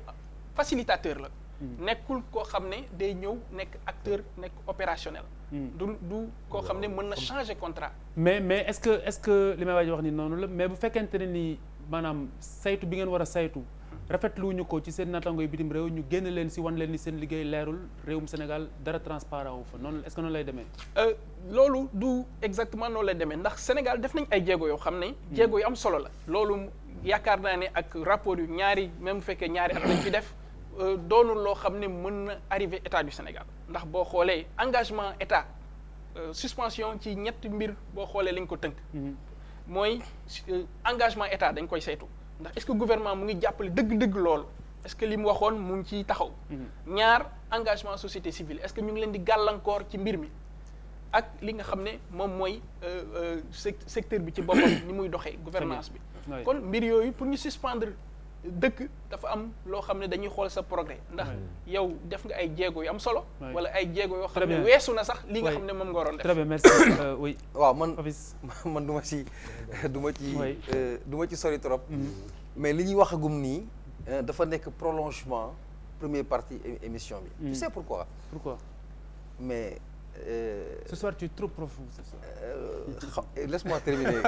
facilitateur la Mm. nekkul koo xam ne day ñëw nekk acteur nekk opérationnel. Mm. du du koo xam ne mën na changer contrat. mais mais est-ce que est-ce que li may waaj wax ni noonu la mais bu fekkente ne nii maanaam saytu bi ngeen war a saytu. rafetluwuñu ko ci seen naataango yi bitim réew ñu génn leen si wan leen ni seen liggéey leerul réewum Sénégal dara transparent wu fa noonu est-ce noonu lay demee. Euh, loolu du exactement noonu lay demee ndax Sénégal def nañ ay jéego yoo xam ne. Mm. jéego yu am solo la. loolu yaakaar naa ne ak rapport yu ñaari même bu fekkee ñaari at lañ fi def. Euh, doonul loo xam ne mën na arrivé état du Sénégal ndax boo xoolee engagement état euh, suspension ci ñetti mbir boo xoolee lañ ko tënk. Mhm. mooy euh, engagement état dañ koy saytu ndax est-ce que gouvernement mu ngi jàppale dëgg-dëgg lool est que li mu waxoon mu ngi ciy taxaw. Mhm. ñaar engagement société civile est-ce que ñu ngi leen di gàllankoor ci mbir mi ak li nga xam ne moom mooy secteur bi ci boppam ni muy doxee. gouvernance bi kon mbir yooyu pour ñu suspendre. dëkk dafa am loo xam ne dañuy xool sa progrès ndax yow def nga ay jéego yu am solo wala ay jéego yoo xam ne weesu na sax li nga xam ne moom nga waroon def très bien merci euh, oui waaw man man du ma ci euh, du ma ci euh, du ma ci sori trop mm-hmm. mais li ñuy waxagum nii dafa nekk prolongement première partie émission bi tu mm. sais pourquoi pourquoi mais Euh, ce soir tu es euh, euh, terminer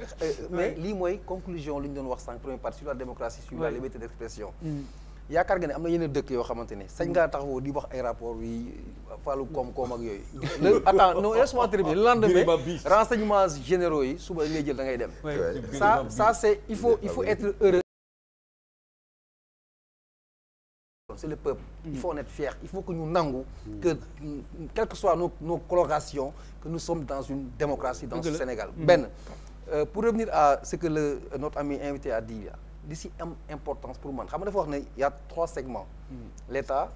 mais lii mooy conclusion li ñu doon wax sànq première partie sur la démocratie la liberté d'expression mm. yaakaar nga ne am na yeneen dëkk yoo xamante ne sañ ngaa taxawoo di wax ay rapport yi fàllu koom-koom ak yooyu le attends non laisse-moi terminer le lendemain renseignements généraux yi suba ngay jël da ngay dem ça ça c'est il faut il faut ah être heureux c'est le peuple. il mm. faut en être fier il faut que ñu nangu. Mm. que mm, quelles que soient nos nos colorations que nous sommes dans une démocratie dans ce Sénégal. benn euh, pour revenir à ce que le notre ami invité a dit li si am importance pour man xam nga dafa wax ne y a trois segments. l'État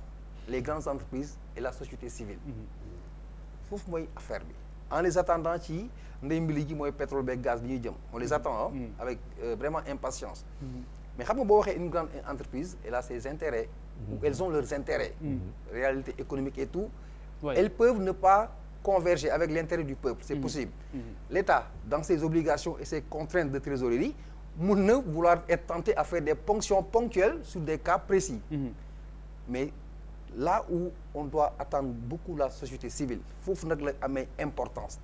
les grandes entreprises et la société civile. foofu mooy affaire bi. en les attendant ci ndey mbili ji mooy pétrole beeg gaz bi ñuy jëm on les attend avec euh, vraiment impatience. Mm -hmm. mais xam boo waxee une grande entreprise elle a ses intérêts ou elles ont leurs intérêts, mm-hmm. réalité économique et tou ouais. elles peuvent ne pas converger avec l'intérêt du peuple, c'est mm-hmm. possible. Mm-hmm. L'État, dans ses obligations et ses contraintes de trésorerie, mun na vouloir être tenté à des ponctions ponctuelles sur des cas précis. Mais là où on doit attendre beaucoup la société civile foofu nag la amee importance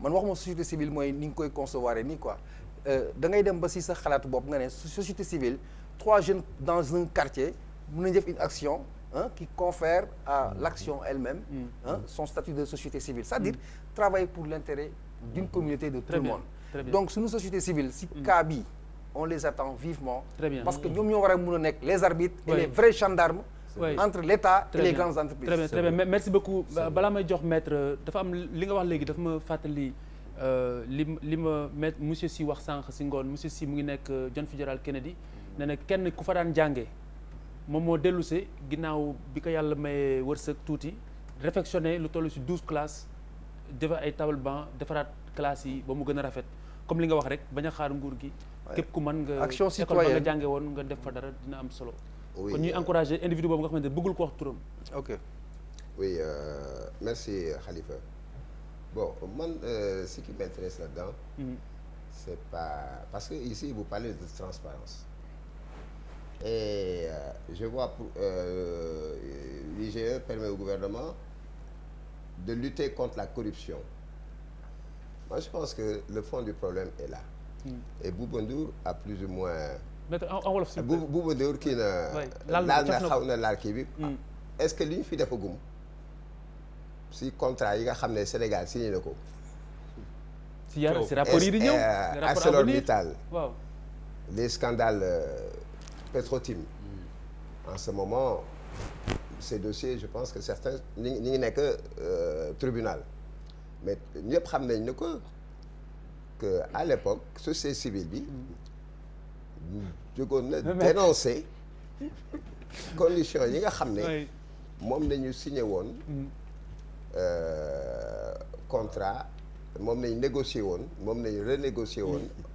man waxuma société civile mooy ni nga koy concevoir nii quoi euh, da ngay ba si sa xalaatu bopp nga ne société civile trois jeunes dans un quartier mun na def une action hein, qui confère à l'action elle-même mm. son statut de société civile c'est-à-dire mm. travailler pour l'intérêt d'une communauté de tout le monde Très bien. donc suñu société civile si mm. cas bi on les attend vivement Très bien. parce que ñoom ñoo war a mën a nekk les arbitres oui. et les vrais gendarmes Oui. entre l'État et bien. les grandes entreprises. Très bien, Merci beaucoup. balaa may jox maître dafa am li nga wax léegi dafa ma fàttali euh, li li ma maître monsieur si wax sànq si ngoon monsieur si mu ngi nekk euh, John Fitzgerald Kennedy nee na kenn ku fa daan jàngee. moom moo dellusee ginnaaw bi ko yàlla mayee sa tuuti réfectionné lu toll si douze classes def ay table banc defaraat classes yi ba mu gën a rafet comme li nga wax rek bañ a xaar nguur gi. képp ku mën nga action citoyenne nga jànge woon nga def fa dara dina am solo. kon ñuy euh, encourager individu boobu nga xamante ne bëggul ko wax turam. ok oui euh, merci Khalifa bon man euh, ce qui m'intéresse là-dedans. Mm c'est pas parce que ici vous parlez de transparence et euh, je vois pour euh, l'IGE permet au gouvernement de lutter contre la corruption moi je pense que le fond du problème est là hmm. et Bouba a plus ou moins Bouba Ndour kii na laal na xaw est-ce que li ñu fi defagum si contrat yi nga xam ne Sénégal si rapport yi di ñëw ArcelorMittal waaw les scandales euh, Petrotim en ce moment ces dossiers je pense que certains ñi ñi ngi nekk tribunal mais ñëpp xam nañ ne que que à l'époque société civile bi jógoon na dénoncer conditions yi nga xam ne moom nañu signé woon mm. euh, contrat moom nañ négocier woon moom nañ renégocier woon mm.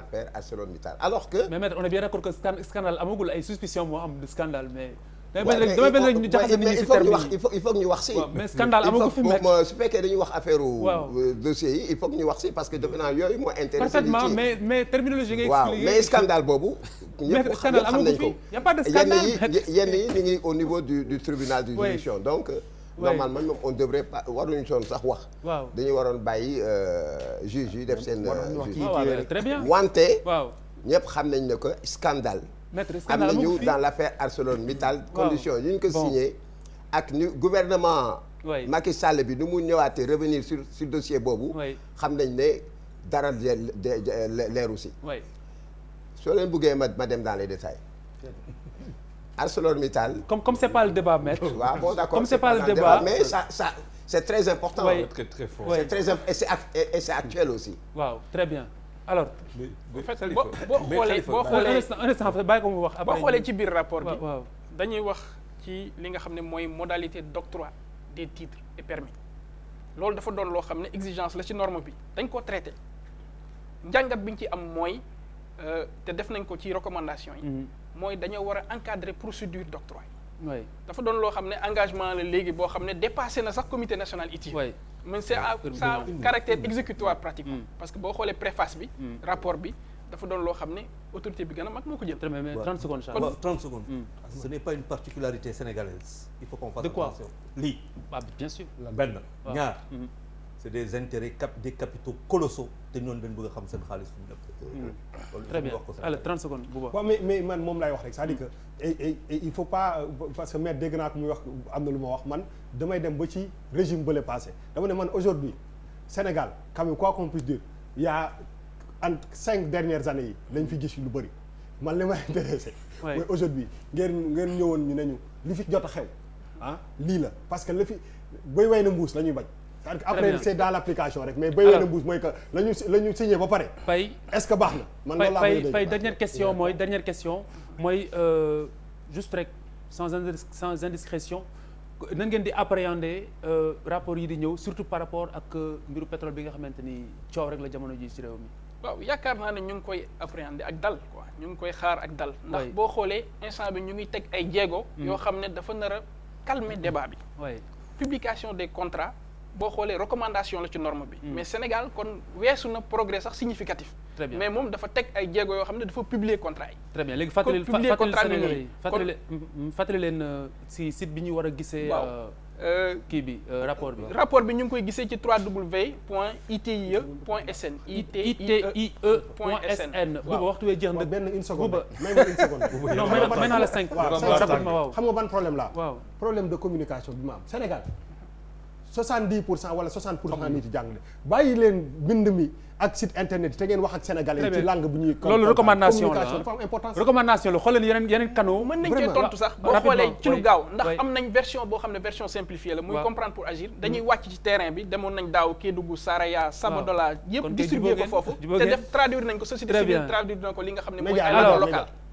affaire ArcelorMittal alors que. mais maître on est bien d'accord que scandale amagul ay suspicion moo am de scandale mais. damay mel rek ñu jaxase nit ñi si terme wax si. mais scandale wax affaire. waaw euh, dossiers wax si parce que defe naa yooyu moo intéressé. parfaitement terminologie ngay expliqué. mais scandale boobu. ñëpp yi yenn yi au niveau du tribunal de juridiction euh, normalement ñoom on devrait pas waruñu soon sax wax. waaw dañuy waroon bàyyi euh, juge yi def seen. Euh, juge très bien wante. waaw ñëpp xam nañ ne que scandale. maître scandale am la dans l' affaire ArcelorMittal. condition yi ñu ko signé. ak ni gouvernement. oui Macky Sall bi nu mu ñëwaatee revenir sur sur dossier boobu. xam nañ ne dara leeru si. oui soo leen buggee ma ma dem dans les détails. ArcelorMittal. comme comme c'est pas le débat maître. waaw bon d'accord comme c'est pas, pas le débat mais ça ça c'est très important. oui c'est très fort c'est très actuel aussi. waaw très bien. alors boo xoolee boo xoolee ci biir rapport bi dañuy wax ci li nga xam ne mooy modalité d'octroi des titres et permis loolu dafa doon loo xam ne exigence la ci norme bi dañ ko traité njàngat bi ñu ci am mooy euh, te def nañ ko ci recommandation yi mm-hmm. mooy dañoo war a encadrer procédure d'octroi dafa doon loo xam ne engagement la léegi boo xam ne dépassé na sax comité national ITIE. oui mais c'est à ça caractère exécutoire pratiquement. Mm. parce que boo xoolee préface bi. Mm. rapport bi dafa doon loo xam ne autorité bi gën a mag moo ko jël. très bien 30 secondes Charles. waaw 30 secondes. Mm. ce n'est lii. Ah, benn ah. ñaar. Mm-hmm. c'est des intérêts des capitaux colossaux te ñooñu dañ bëgg a xam seen xaalis fu mu dem. très bien allez 30 secondes bu baax mais mais man moom laay wax rek c'est-à-dire que et il faut pas parce que maître dégg naa ko muy wax am na lu ma wax man damay dem ba ci régime bële passé dama ne man aujourd'hui Sénégal quand même quoi qu'on puisse dire y a en cinq dernières années yi lañ fi gis lu bëri man li ma intéressé mooy aujourd'hui ngeen ngeen ñëwoon ñu ne ñu li fi jot a xew ah lii la parce que la fi bay way na mbuus la ñuy bañ parce que après c'est dans l'application rek mais béy wéy mbuus mooy que la ñu ba pare pay est-ce que baax na man loolu laa pay dernière question mooy dernière question mooy euh, juste rek sans sans indiscrétion nan ngeen di appréhender euh, rapport yi di ñëw surtout par rapport ak euh, mbiru pétrole nga xamante ni coow rek la jamono ji ci réew mi waaw yaakaar naa ne ñu ngi koy appréhender ak dal quoi ñu ngi koy xaar ak dal ndax boo xoolee instant bi ñu ngi teg ay jéego mm. yoo xam ne dafa nar a calmer débat bi publication des contrat boo xoolee recommandation la ci norme bi. Hmm. mais Sénégal kon weesu na progrès sax significatif. très mais moom dafa teg ay jéego yoo xam ne dafa publier contrat yi. très bien léegi fàttali leen euh, si site bi ñu war a gisee. Euh, euh, kii bi rapport bi. rapport bi ñu ngi koy gisee ci www.itie.sn. itie point sn. E e waaw waxtu wee jeex na benn une seconde. may ma une seconde. non may naa la cinq. waaw xam nga ban problème la. waaw problème de communication bi ma am Sénégal. 70 pour cent wala 60 pour cent nit yi jàng na bàyyi leen bind mi ak site internet te ngeen wax ak sénégalais ci langue bu ñuy loolu la dafa am importance recommandation la xool leen yeneen yeneen canaux mën nañ cee tontu sax boo xoolee ci lu gaaw ndax am nañ version boo xam ne version simplifiée la muy comprendre pour agir mm-hmm. dañuy wàcc ci terrain bi demoon nañ daaw Kédougou Saraya Sabadola yëpp distribuer ko foofu te def traduire nañ ko société civile traduire nañ ko li nga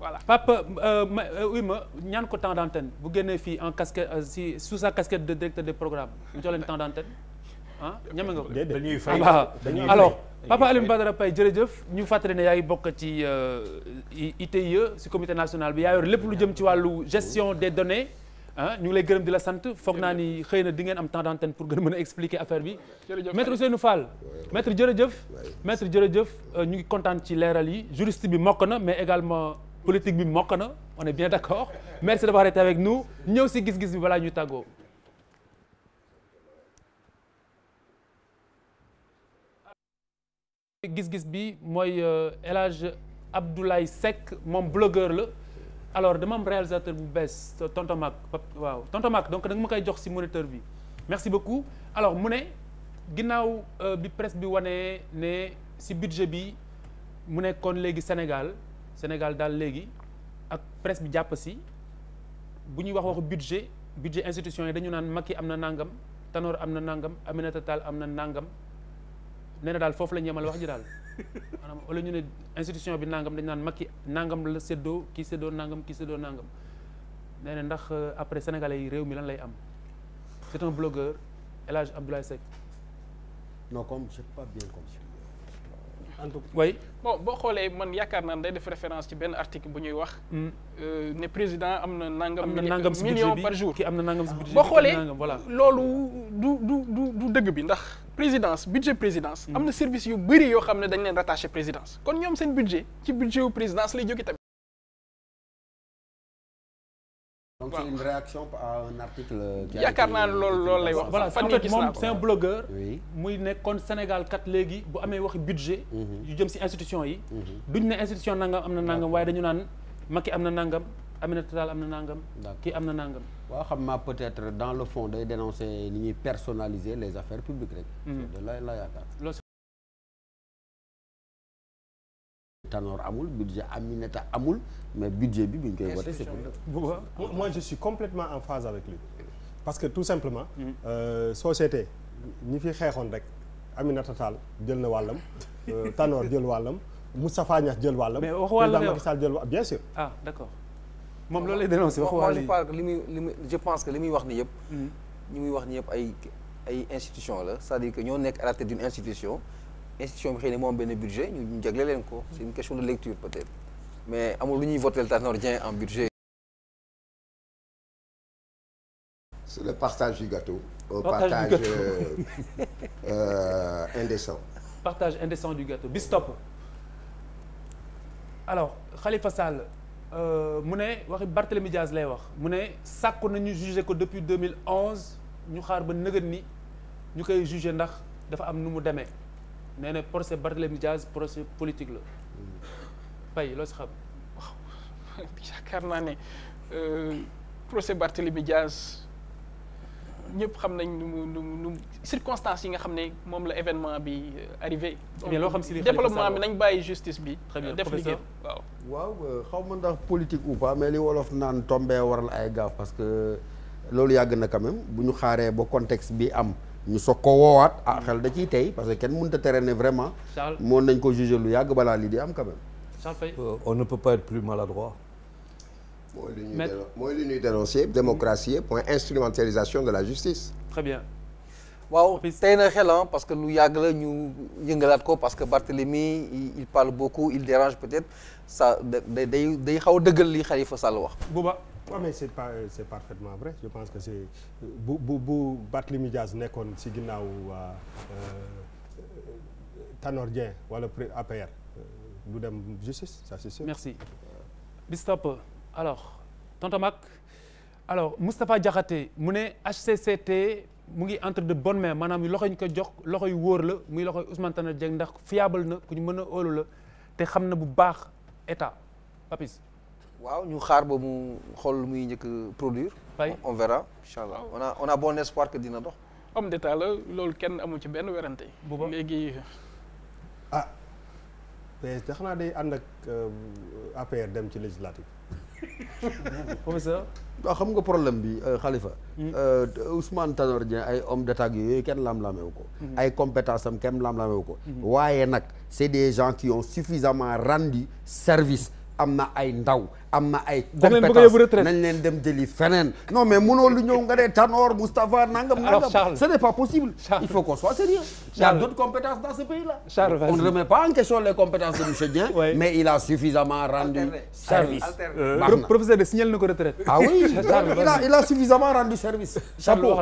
voilà Pape euh, euh, oui ma ñan ko temps d'antenne bu génnee fii en casquette euh, si sous a casquette de directeur de programme mu jox leen temps d'antenne ah ñeme nga ko. Ah, dañuy fay alors Papa Alioune Badara Paye jërëjëf ñu fàttali ne yaa ngi bokk ci ITIE si comité bi yaa yor lépp lu jëm ci wàllu gestion des données. ah ñu ngi lay gërëm di la sant foog naa ni xëy na di ngeen am temps d'antenne pour gën a mën a expliquer affaire bi maître Ousseynou Fall maître jërëjëf maître jërëjëf ñu ngi kontaan ci leeral yi juriste bi mokk na mais également politique bi mokk na on est bien d'accord merci d'avoir été avec nous ñëw si gis-gis bi balaa ñu tàggoo. gis-gis bi mooy euh, El Hadj Abdoulaye Seck moom blogueur la alors dama am réalisateur bu bees tonton Mac waaw tonton Mac donc da ma koy jox si moniteur bi merci beaucoup alors mu ne ginnaaw euh, bi presse bi wane ne si budget bi mu ne kon léegi Sénégal. Sénégal daal léegi ak presse bi jàpp si bu ñuy wax waxu budget budget institution yi dañu naan Macky am na nangam Tanor am na nangam Aminata taal am na nangam nee na daal foofu la ñu yemal wax ji daal maanaam wala ñu ne institution bi nangam dañu naan Macky nangam la séddoo kii séddoo nangam kii séddoo nangam nee na ndax euh, après sénégalais yi réew mi lan lay am c'est un blogueur El Hadj Abdoulaye en tout cas. boo xoolee man yaakaar naa day def référence ci benn article bu ñuy wax. Hmm. Euh, ne président am na nangam. am na nangam million par jour ki am na nangam si budget boo xoolee loolu du du du dëgg bi ndax présidence budget présidence. Hmm. am na service yu bëri yoo xam ne dañ leen rattaché présidence kon ñoom seen budget ci budget wu présidence lay jógee tamit. donc c'est une réaction à un article. yaakaar naa loolu lay wax. voilà fan yii gis naa ko moom c'est blogueur. muy nekk kon Sénégal kat léegi bu amee waxi budget mhm. yu jëm ci institution yi. Mhm. duñ ne institution nangam am na nangam waaye dañu naan Macky am na nangam. Aminata Tall am na nangam. kii am na nangam. waaw xam naa peut-être dans le fond day dénoncer ni ñuy personnaliser les affaires publiques rek. Mhm. la la yaakaar. Tanor amul budget Aminata amul mais budget bi bu ñu koy voté c'est pour moi je suis complètement en phase avec lui parce mm. euh, ñi fi xeexoon rek Aminata Tall jël na wàllam euh, Tanor jël wàllam Moustapha Niass jël wàllam mais wax wàll Macky Sall jël wàllam bien ah, moom loolu lay dénoncé wax wàll li muy li je pense que li muy wax ni yëpp ñu mm. muy wax ni yëpp ay ay institution la cest dire que ñoo nekk à la tête institution institution bi benn budget ñu jagle leen ko c'est une question de mais amul lu ñuy voter Tanor Dieng en budget c'est partage du gato au partage, partage euh, euh, indécent partage indécent du gâteau bi stop alors Khalifa Sall euh, mu ne waxi Barthélemy Diaz lay wax mu ne sàkku ñu jugé ko depuis 2011 ñu xaar ba nëgën ni ñu koy jugé ndax dafa am nu mu demee nee na procès Barthélemy Diaz procès politique la Paye loo si xam. waaw yaakaar naa ne euh, procès Barthélemy Diaz ñëpp xam nañ nu mu nu mu circonstances yi nga xam ne moom la événement bi euh, arrivé. mais eh loo xam si développement bi nañ bàyyi justice bi. Euh, def liggéey waaw. waaw xaw ma ndax politique ou pas mais li wolof naan tombé waral ay gaaf parce que loolu yàgg na quand bu ñu xaaree ba contexte bi am. ñu soog ko woowaat ah xel da ciy tey parce que kenn mun a tere ne moo Charles nañ ko juger lu yàgg balaa lii di am quand même. Charles Faye euh, on ne peut pas être plus maladroit. mooy li ñuy mooy li ñuy dénoncer point instrumentalisation de la justice. très bien. waaw tey na xel parce que lu yàgg la ñu yëngalaat ko parce que Barthélemy il parle beaucoup il dérange peut sa ça day day day xaw a dëggal li Khalifa Sall wax. waaw mais c'est pas euh, c'est parfaitement vrai je pense que c'est euh, bu bu bu Barthélémy Dias nekkoon si ginnaaw waa euh, Tanor Dieng wala APR du dem justice ça c'est sûr. merci bis alors tonton Mac alors Moustapha Diakhaté mu ne HCCT mu ngi entre de bonnes mains maanaam loxo ñu ko jox loxo yu wóor la muy loxo Ousmane Tanor Dieng ndax fiable na ku ñu mën a óolu la te xam na bu baax état papis waaw ñu xaar ba mu xool lu muy njëkk produire. on verra incha allah on bon espoir que dina dox. homme d'état la loolu kenn amul ci benn werante. booba léegi. ah mais naa day ànd ak euh, APR dem ci législative. professeur. xam nga problème bi euh, Khalifa. Hmm. Euh, Ousmane Tanor Dieng ay homme d'état yooyu kenn lam-lamewu ko. Hmm. ay compétence am kenn lam-lamewu ko. Hmm. waaye nag c'est des gens qui ont suffisamment rendu service. am na ay ndaw am na ay compétence nañ leen dem jëli feneen non mais mënoo lu ñëw nga dee Tanor Moustapha nangam nangam ce n'est pas possible il faut qu'on soit sérieux il y a d'autres compétences dans ce pays là on ne remet pas en question les compétences de monsieur Dieng mais il a suffisamment rendu service euh, ko retraite ah oui il a suffisamment rendu chapeau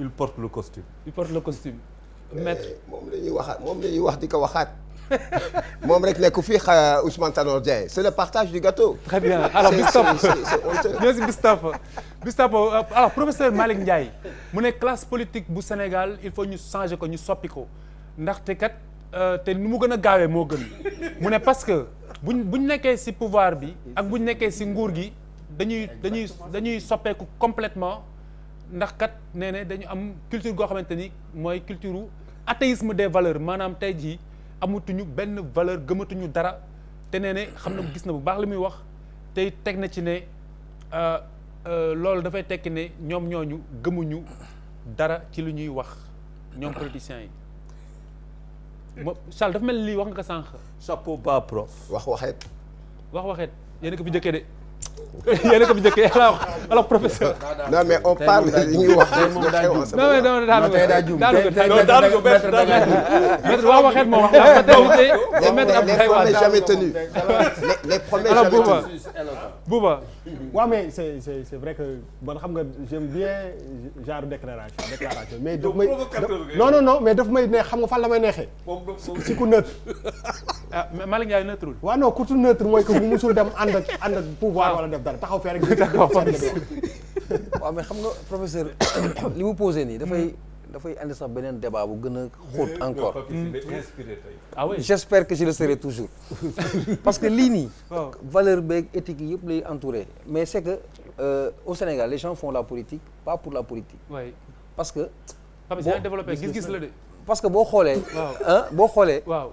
il porte le costume il porte le costume maître moom la ñuy waxaat moom la wax di ko waxaat moom rek nekk fii xa Ousmane Tanor Dieng c'est le partage du gâteau. très bien alors Bistapha ñoo si Bistapha Bistapha professeur Malick Ndiaye mu ne classe politique bu Sénégal il faut ñu changer ko ñu soppi ko ndaxte kat euh, te nu mu gën a gaawee moo gën mu ne parce que buñ buñ nekkee ci pouvoir bi ak buñ nekkee ci nguur gi dañuy dañuy dañuy soppeeku complètement ndax kat nee ne dañu am culture goo xamante ni mooy culture athéisme de valeur maanaam tey jii. amatuñu benn valeur gëmatuñu dara te nee xam na gis na bu baax li muy wax tey teg na ci ne euh, euh, loolu dafay tekki ne ñoom ñooñu gëmuñu dara ci lu ñuy wax ñoom politiciens yi. mo Charles dafa mel ni lii wax nga ko sànq. chapeau bas prof. wax waxeet. wax waxeet yéen a ko fi njëkkee de. yéen a ko fi njëkkee alors professeur. non mais on parle li ñuy wax. non mais non daanu ko daanu ko maître waaw waxeet ma wax la paternité. maître Abdoulaye Wade les promesses jamais tenues. les promesses jamais tenues. waaw mm-hmm. mais c' est c' est c' est vrai que man xam nga j'aime bien genre déclaration déclaration daf may non non non mais daf may neex xam nga fan la may neexee. si ku neutre. ah Malick Ndiaye neutre waaw non ku neutre mooy que bu musul dem ànd ak ànd ak ah. wala def taxaw fee rek. waaw mais xam nga professeur li mu posé dafay. dafay andi sax beneen débat bu gën a xóot encore ah j'espère que je le serai toujours parce que lii ni valeur beeg éthique yi yëpp lay mais c'est que euh, au Sénégal les gens font la politique pas pour la politique parce que développé gis-gis la de parce que boo xoolee boo xoolee waaw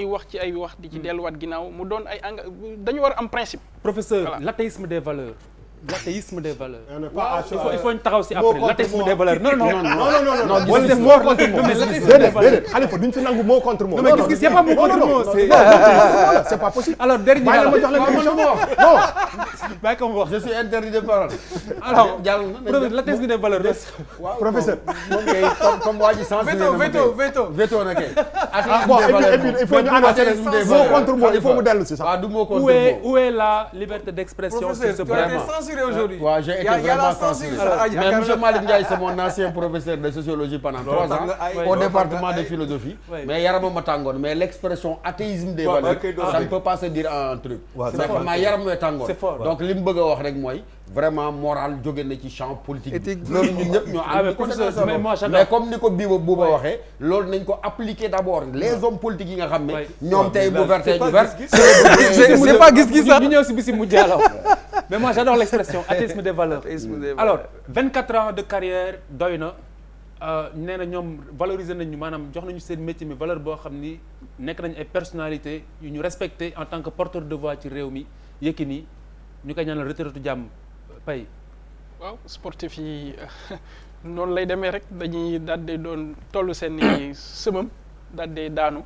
dañuy wax ci ay wax di ci hmm. delluwaat ginnaaw mu doon ay enga dañu war a am principe professeur l'athéisme des valeurs l'athéisme des valeurs. waaw il faut il faut ñu taxaw si après l'athéisme des valeurs non non non non non gis moo contre moom déedéet déedéet Khalifa duñ fi nangu moo contre moom. non non gis-gis yëpp amul contre moom c'est pas possible. alors dernier ma jox leen question non bàyyi ko mu wax. je suis interdit de parole. alors jàll na l'athéisme des valeurs professeur. moom kay comme comme waa ji sensibiliser na mu veto veto veto na kay. Ah, ah, il faut ñu annoncer moo contre moom il faut mu dellu si sax. waaw du moo contre moom où est où est la liberté d'expression sur ce censuré euh, aujourd'hui. waaw j'ai été vraiment censuré mais monsieur Malick Ndiaye c'est mon ancien professeur de sociologie pendant trois ans au département de philosophie. mais yaramam ma mais l'expression athéisme des valeurs ça ne peut pas se en truc. waaw c'est fort donc li mu wax rek mooy. vraiment moral jóge na ci champ politique bi loolu ñun ñëpp ñoo ah, am mais comme ni ko biiba buuba waxee loolu nañ ko appliquer d'abord les hommes politiques yi nga xam ne ñoom tey bu verte ñu vert c'est pas gis-gis ñu ñëw si bisi mujj alors mais moi j'adore l'expression athéisme des valeurs alors vingt quatre ans de carrière doy na euh, nee na ñoom valoriser nañu maanaam jox nañu seen métier mi valeur boo xam ni nekk nañu ay personnalité yu ñu respecté en tant que porteur de voix ci réew mi Yékini ñu koy ñaanal retraite jàmm pay waaw sportif yi noonu lay demee rek dañuy daal doon tollu seen i sëmam daanu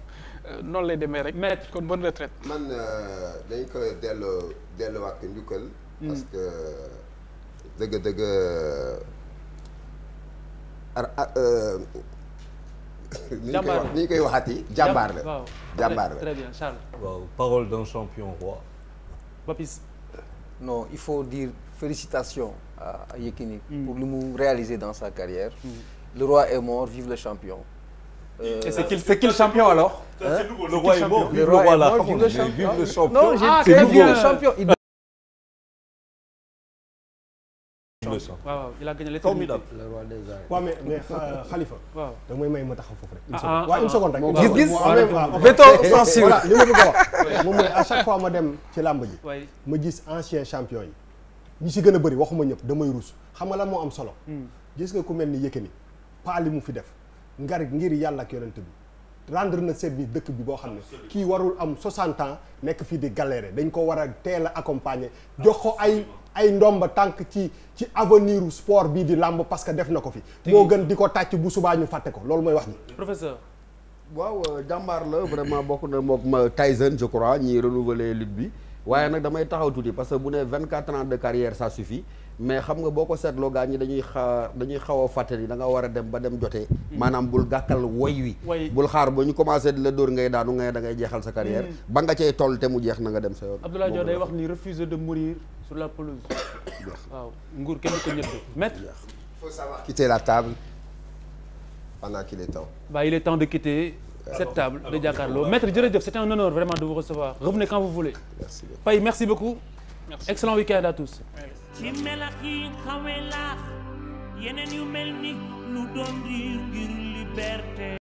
euh, noonu lay demee rek. maître kon bonne retraite. man euh, dañ ko delloo delluwaat njukkal. Hmm. parce que dëgg-dëgg euh, ni ñu koy waxati jàmbaar la. waaw jàmbaar la très waaw parole d'un champion roi. Papis non il faut dire. félicitations à, à mm. pour le mot réalisé dans sa carrière. Mm. Le roi est mort, vive le champion. Euh, Et c'est qui quel champion alors hein? nouveau, Le roi est le roi, le mort, vive le champion. Vive le champion. Non, j'ai le a gagné les formidable le roi des arènes mais mais a chaque fois ma dem ci làmb ji. ma gis ancien champion yi. ñu si gën a bëri waxuma ñëpp damay rus xam nga lan moo am solo. Hmm. gis nga ku mel ni Yékini pas li mu fi def ngar ngir yàlla ak yonent bi rendre na service dëkk bi boo xam ne kii warul am 60 ans nekk fii di galérer dañ ko war a teel a accompagner jox ko ay ay ndomba tànk ci ci avenir sport bii di làmb parce que def na ko fi. moo gën di ko tàcc bu subaa ñu fàtte ko loolu mooy wax ji. professeur. waaw jàmbaar la vraiment bokk na moom Tyson je crois ñiy renouveler lutte bi. waaye nag damay taxaw tuuti parce que bu ne 24 ans de carrière ça suffit mais xam nga boo ko seetloo gaa ñi dañuy xa dañuy xaw a fàttali da nga war a dem ba dem jotee. Hmm. maanaam bul gàkkal woy wi. bul xaar ba ñu commencé di la dóor ngay daanu ngay dangay ngay jeexal sa carrière. Hmm. ba nga cee toll te mu jeex na nga dem sa yoon. Abdoulaye Diop day wax ni refuser de mourir sur la pelouse. waaw nguur kenn ko ñëpp maître. la table pendant qu'il est temps. de quitter. cette table de jàkkaarloo maître jërëjëf c'est un honneur vraiment de vous recevoir revenez quand vous voulez Paye merci beaucoup excellent week à tous ci melax yi xawe la yeneen yu mel ni lu doon di ngir liberté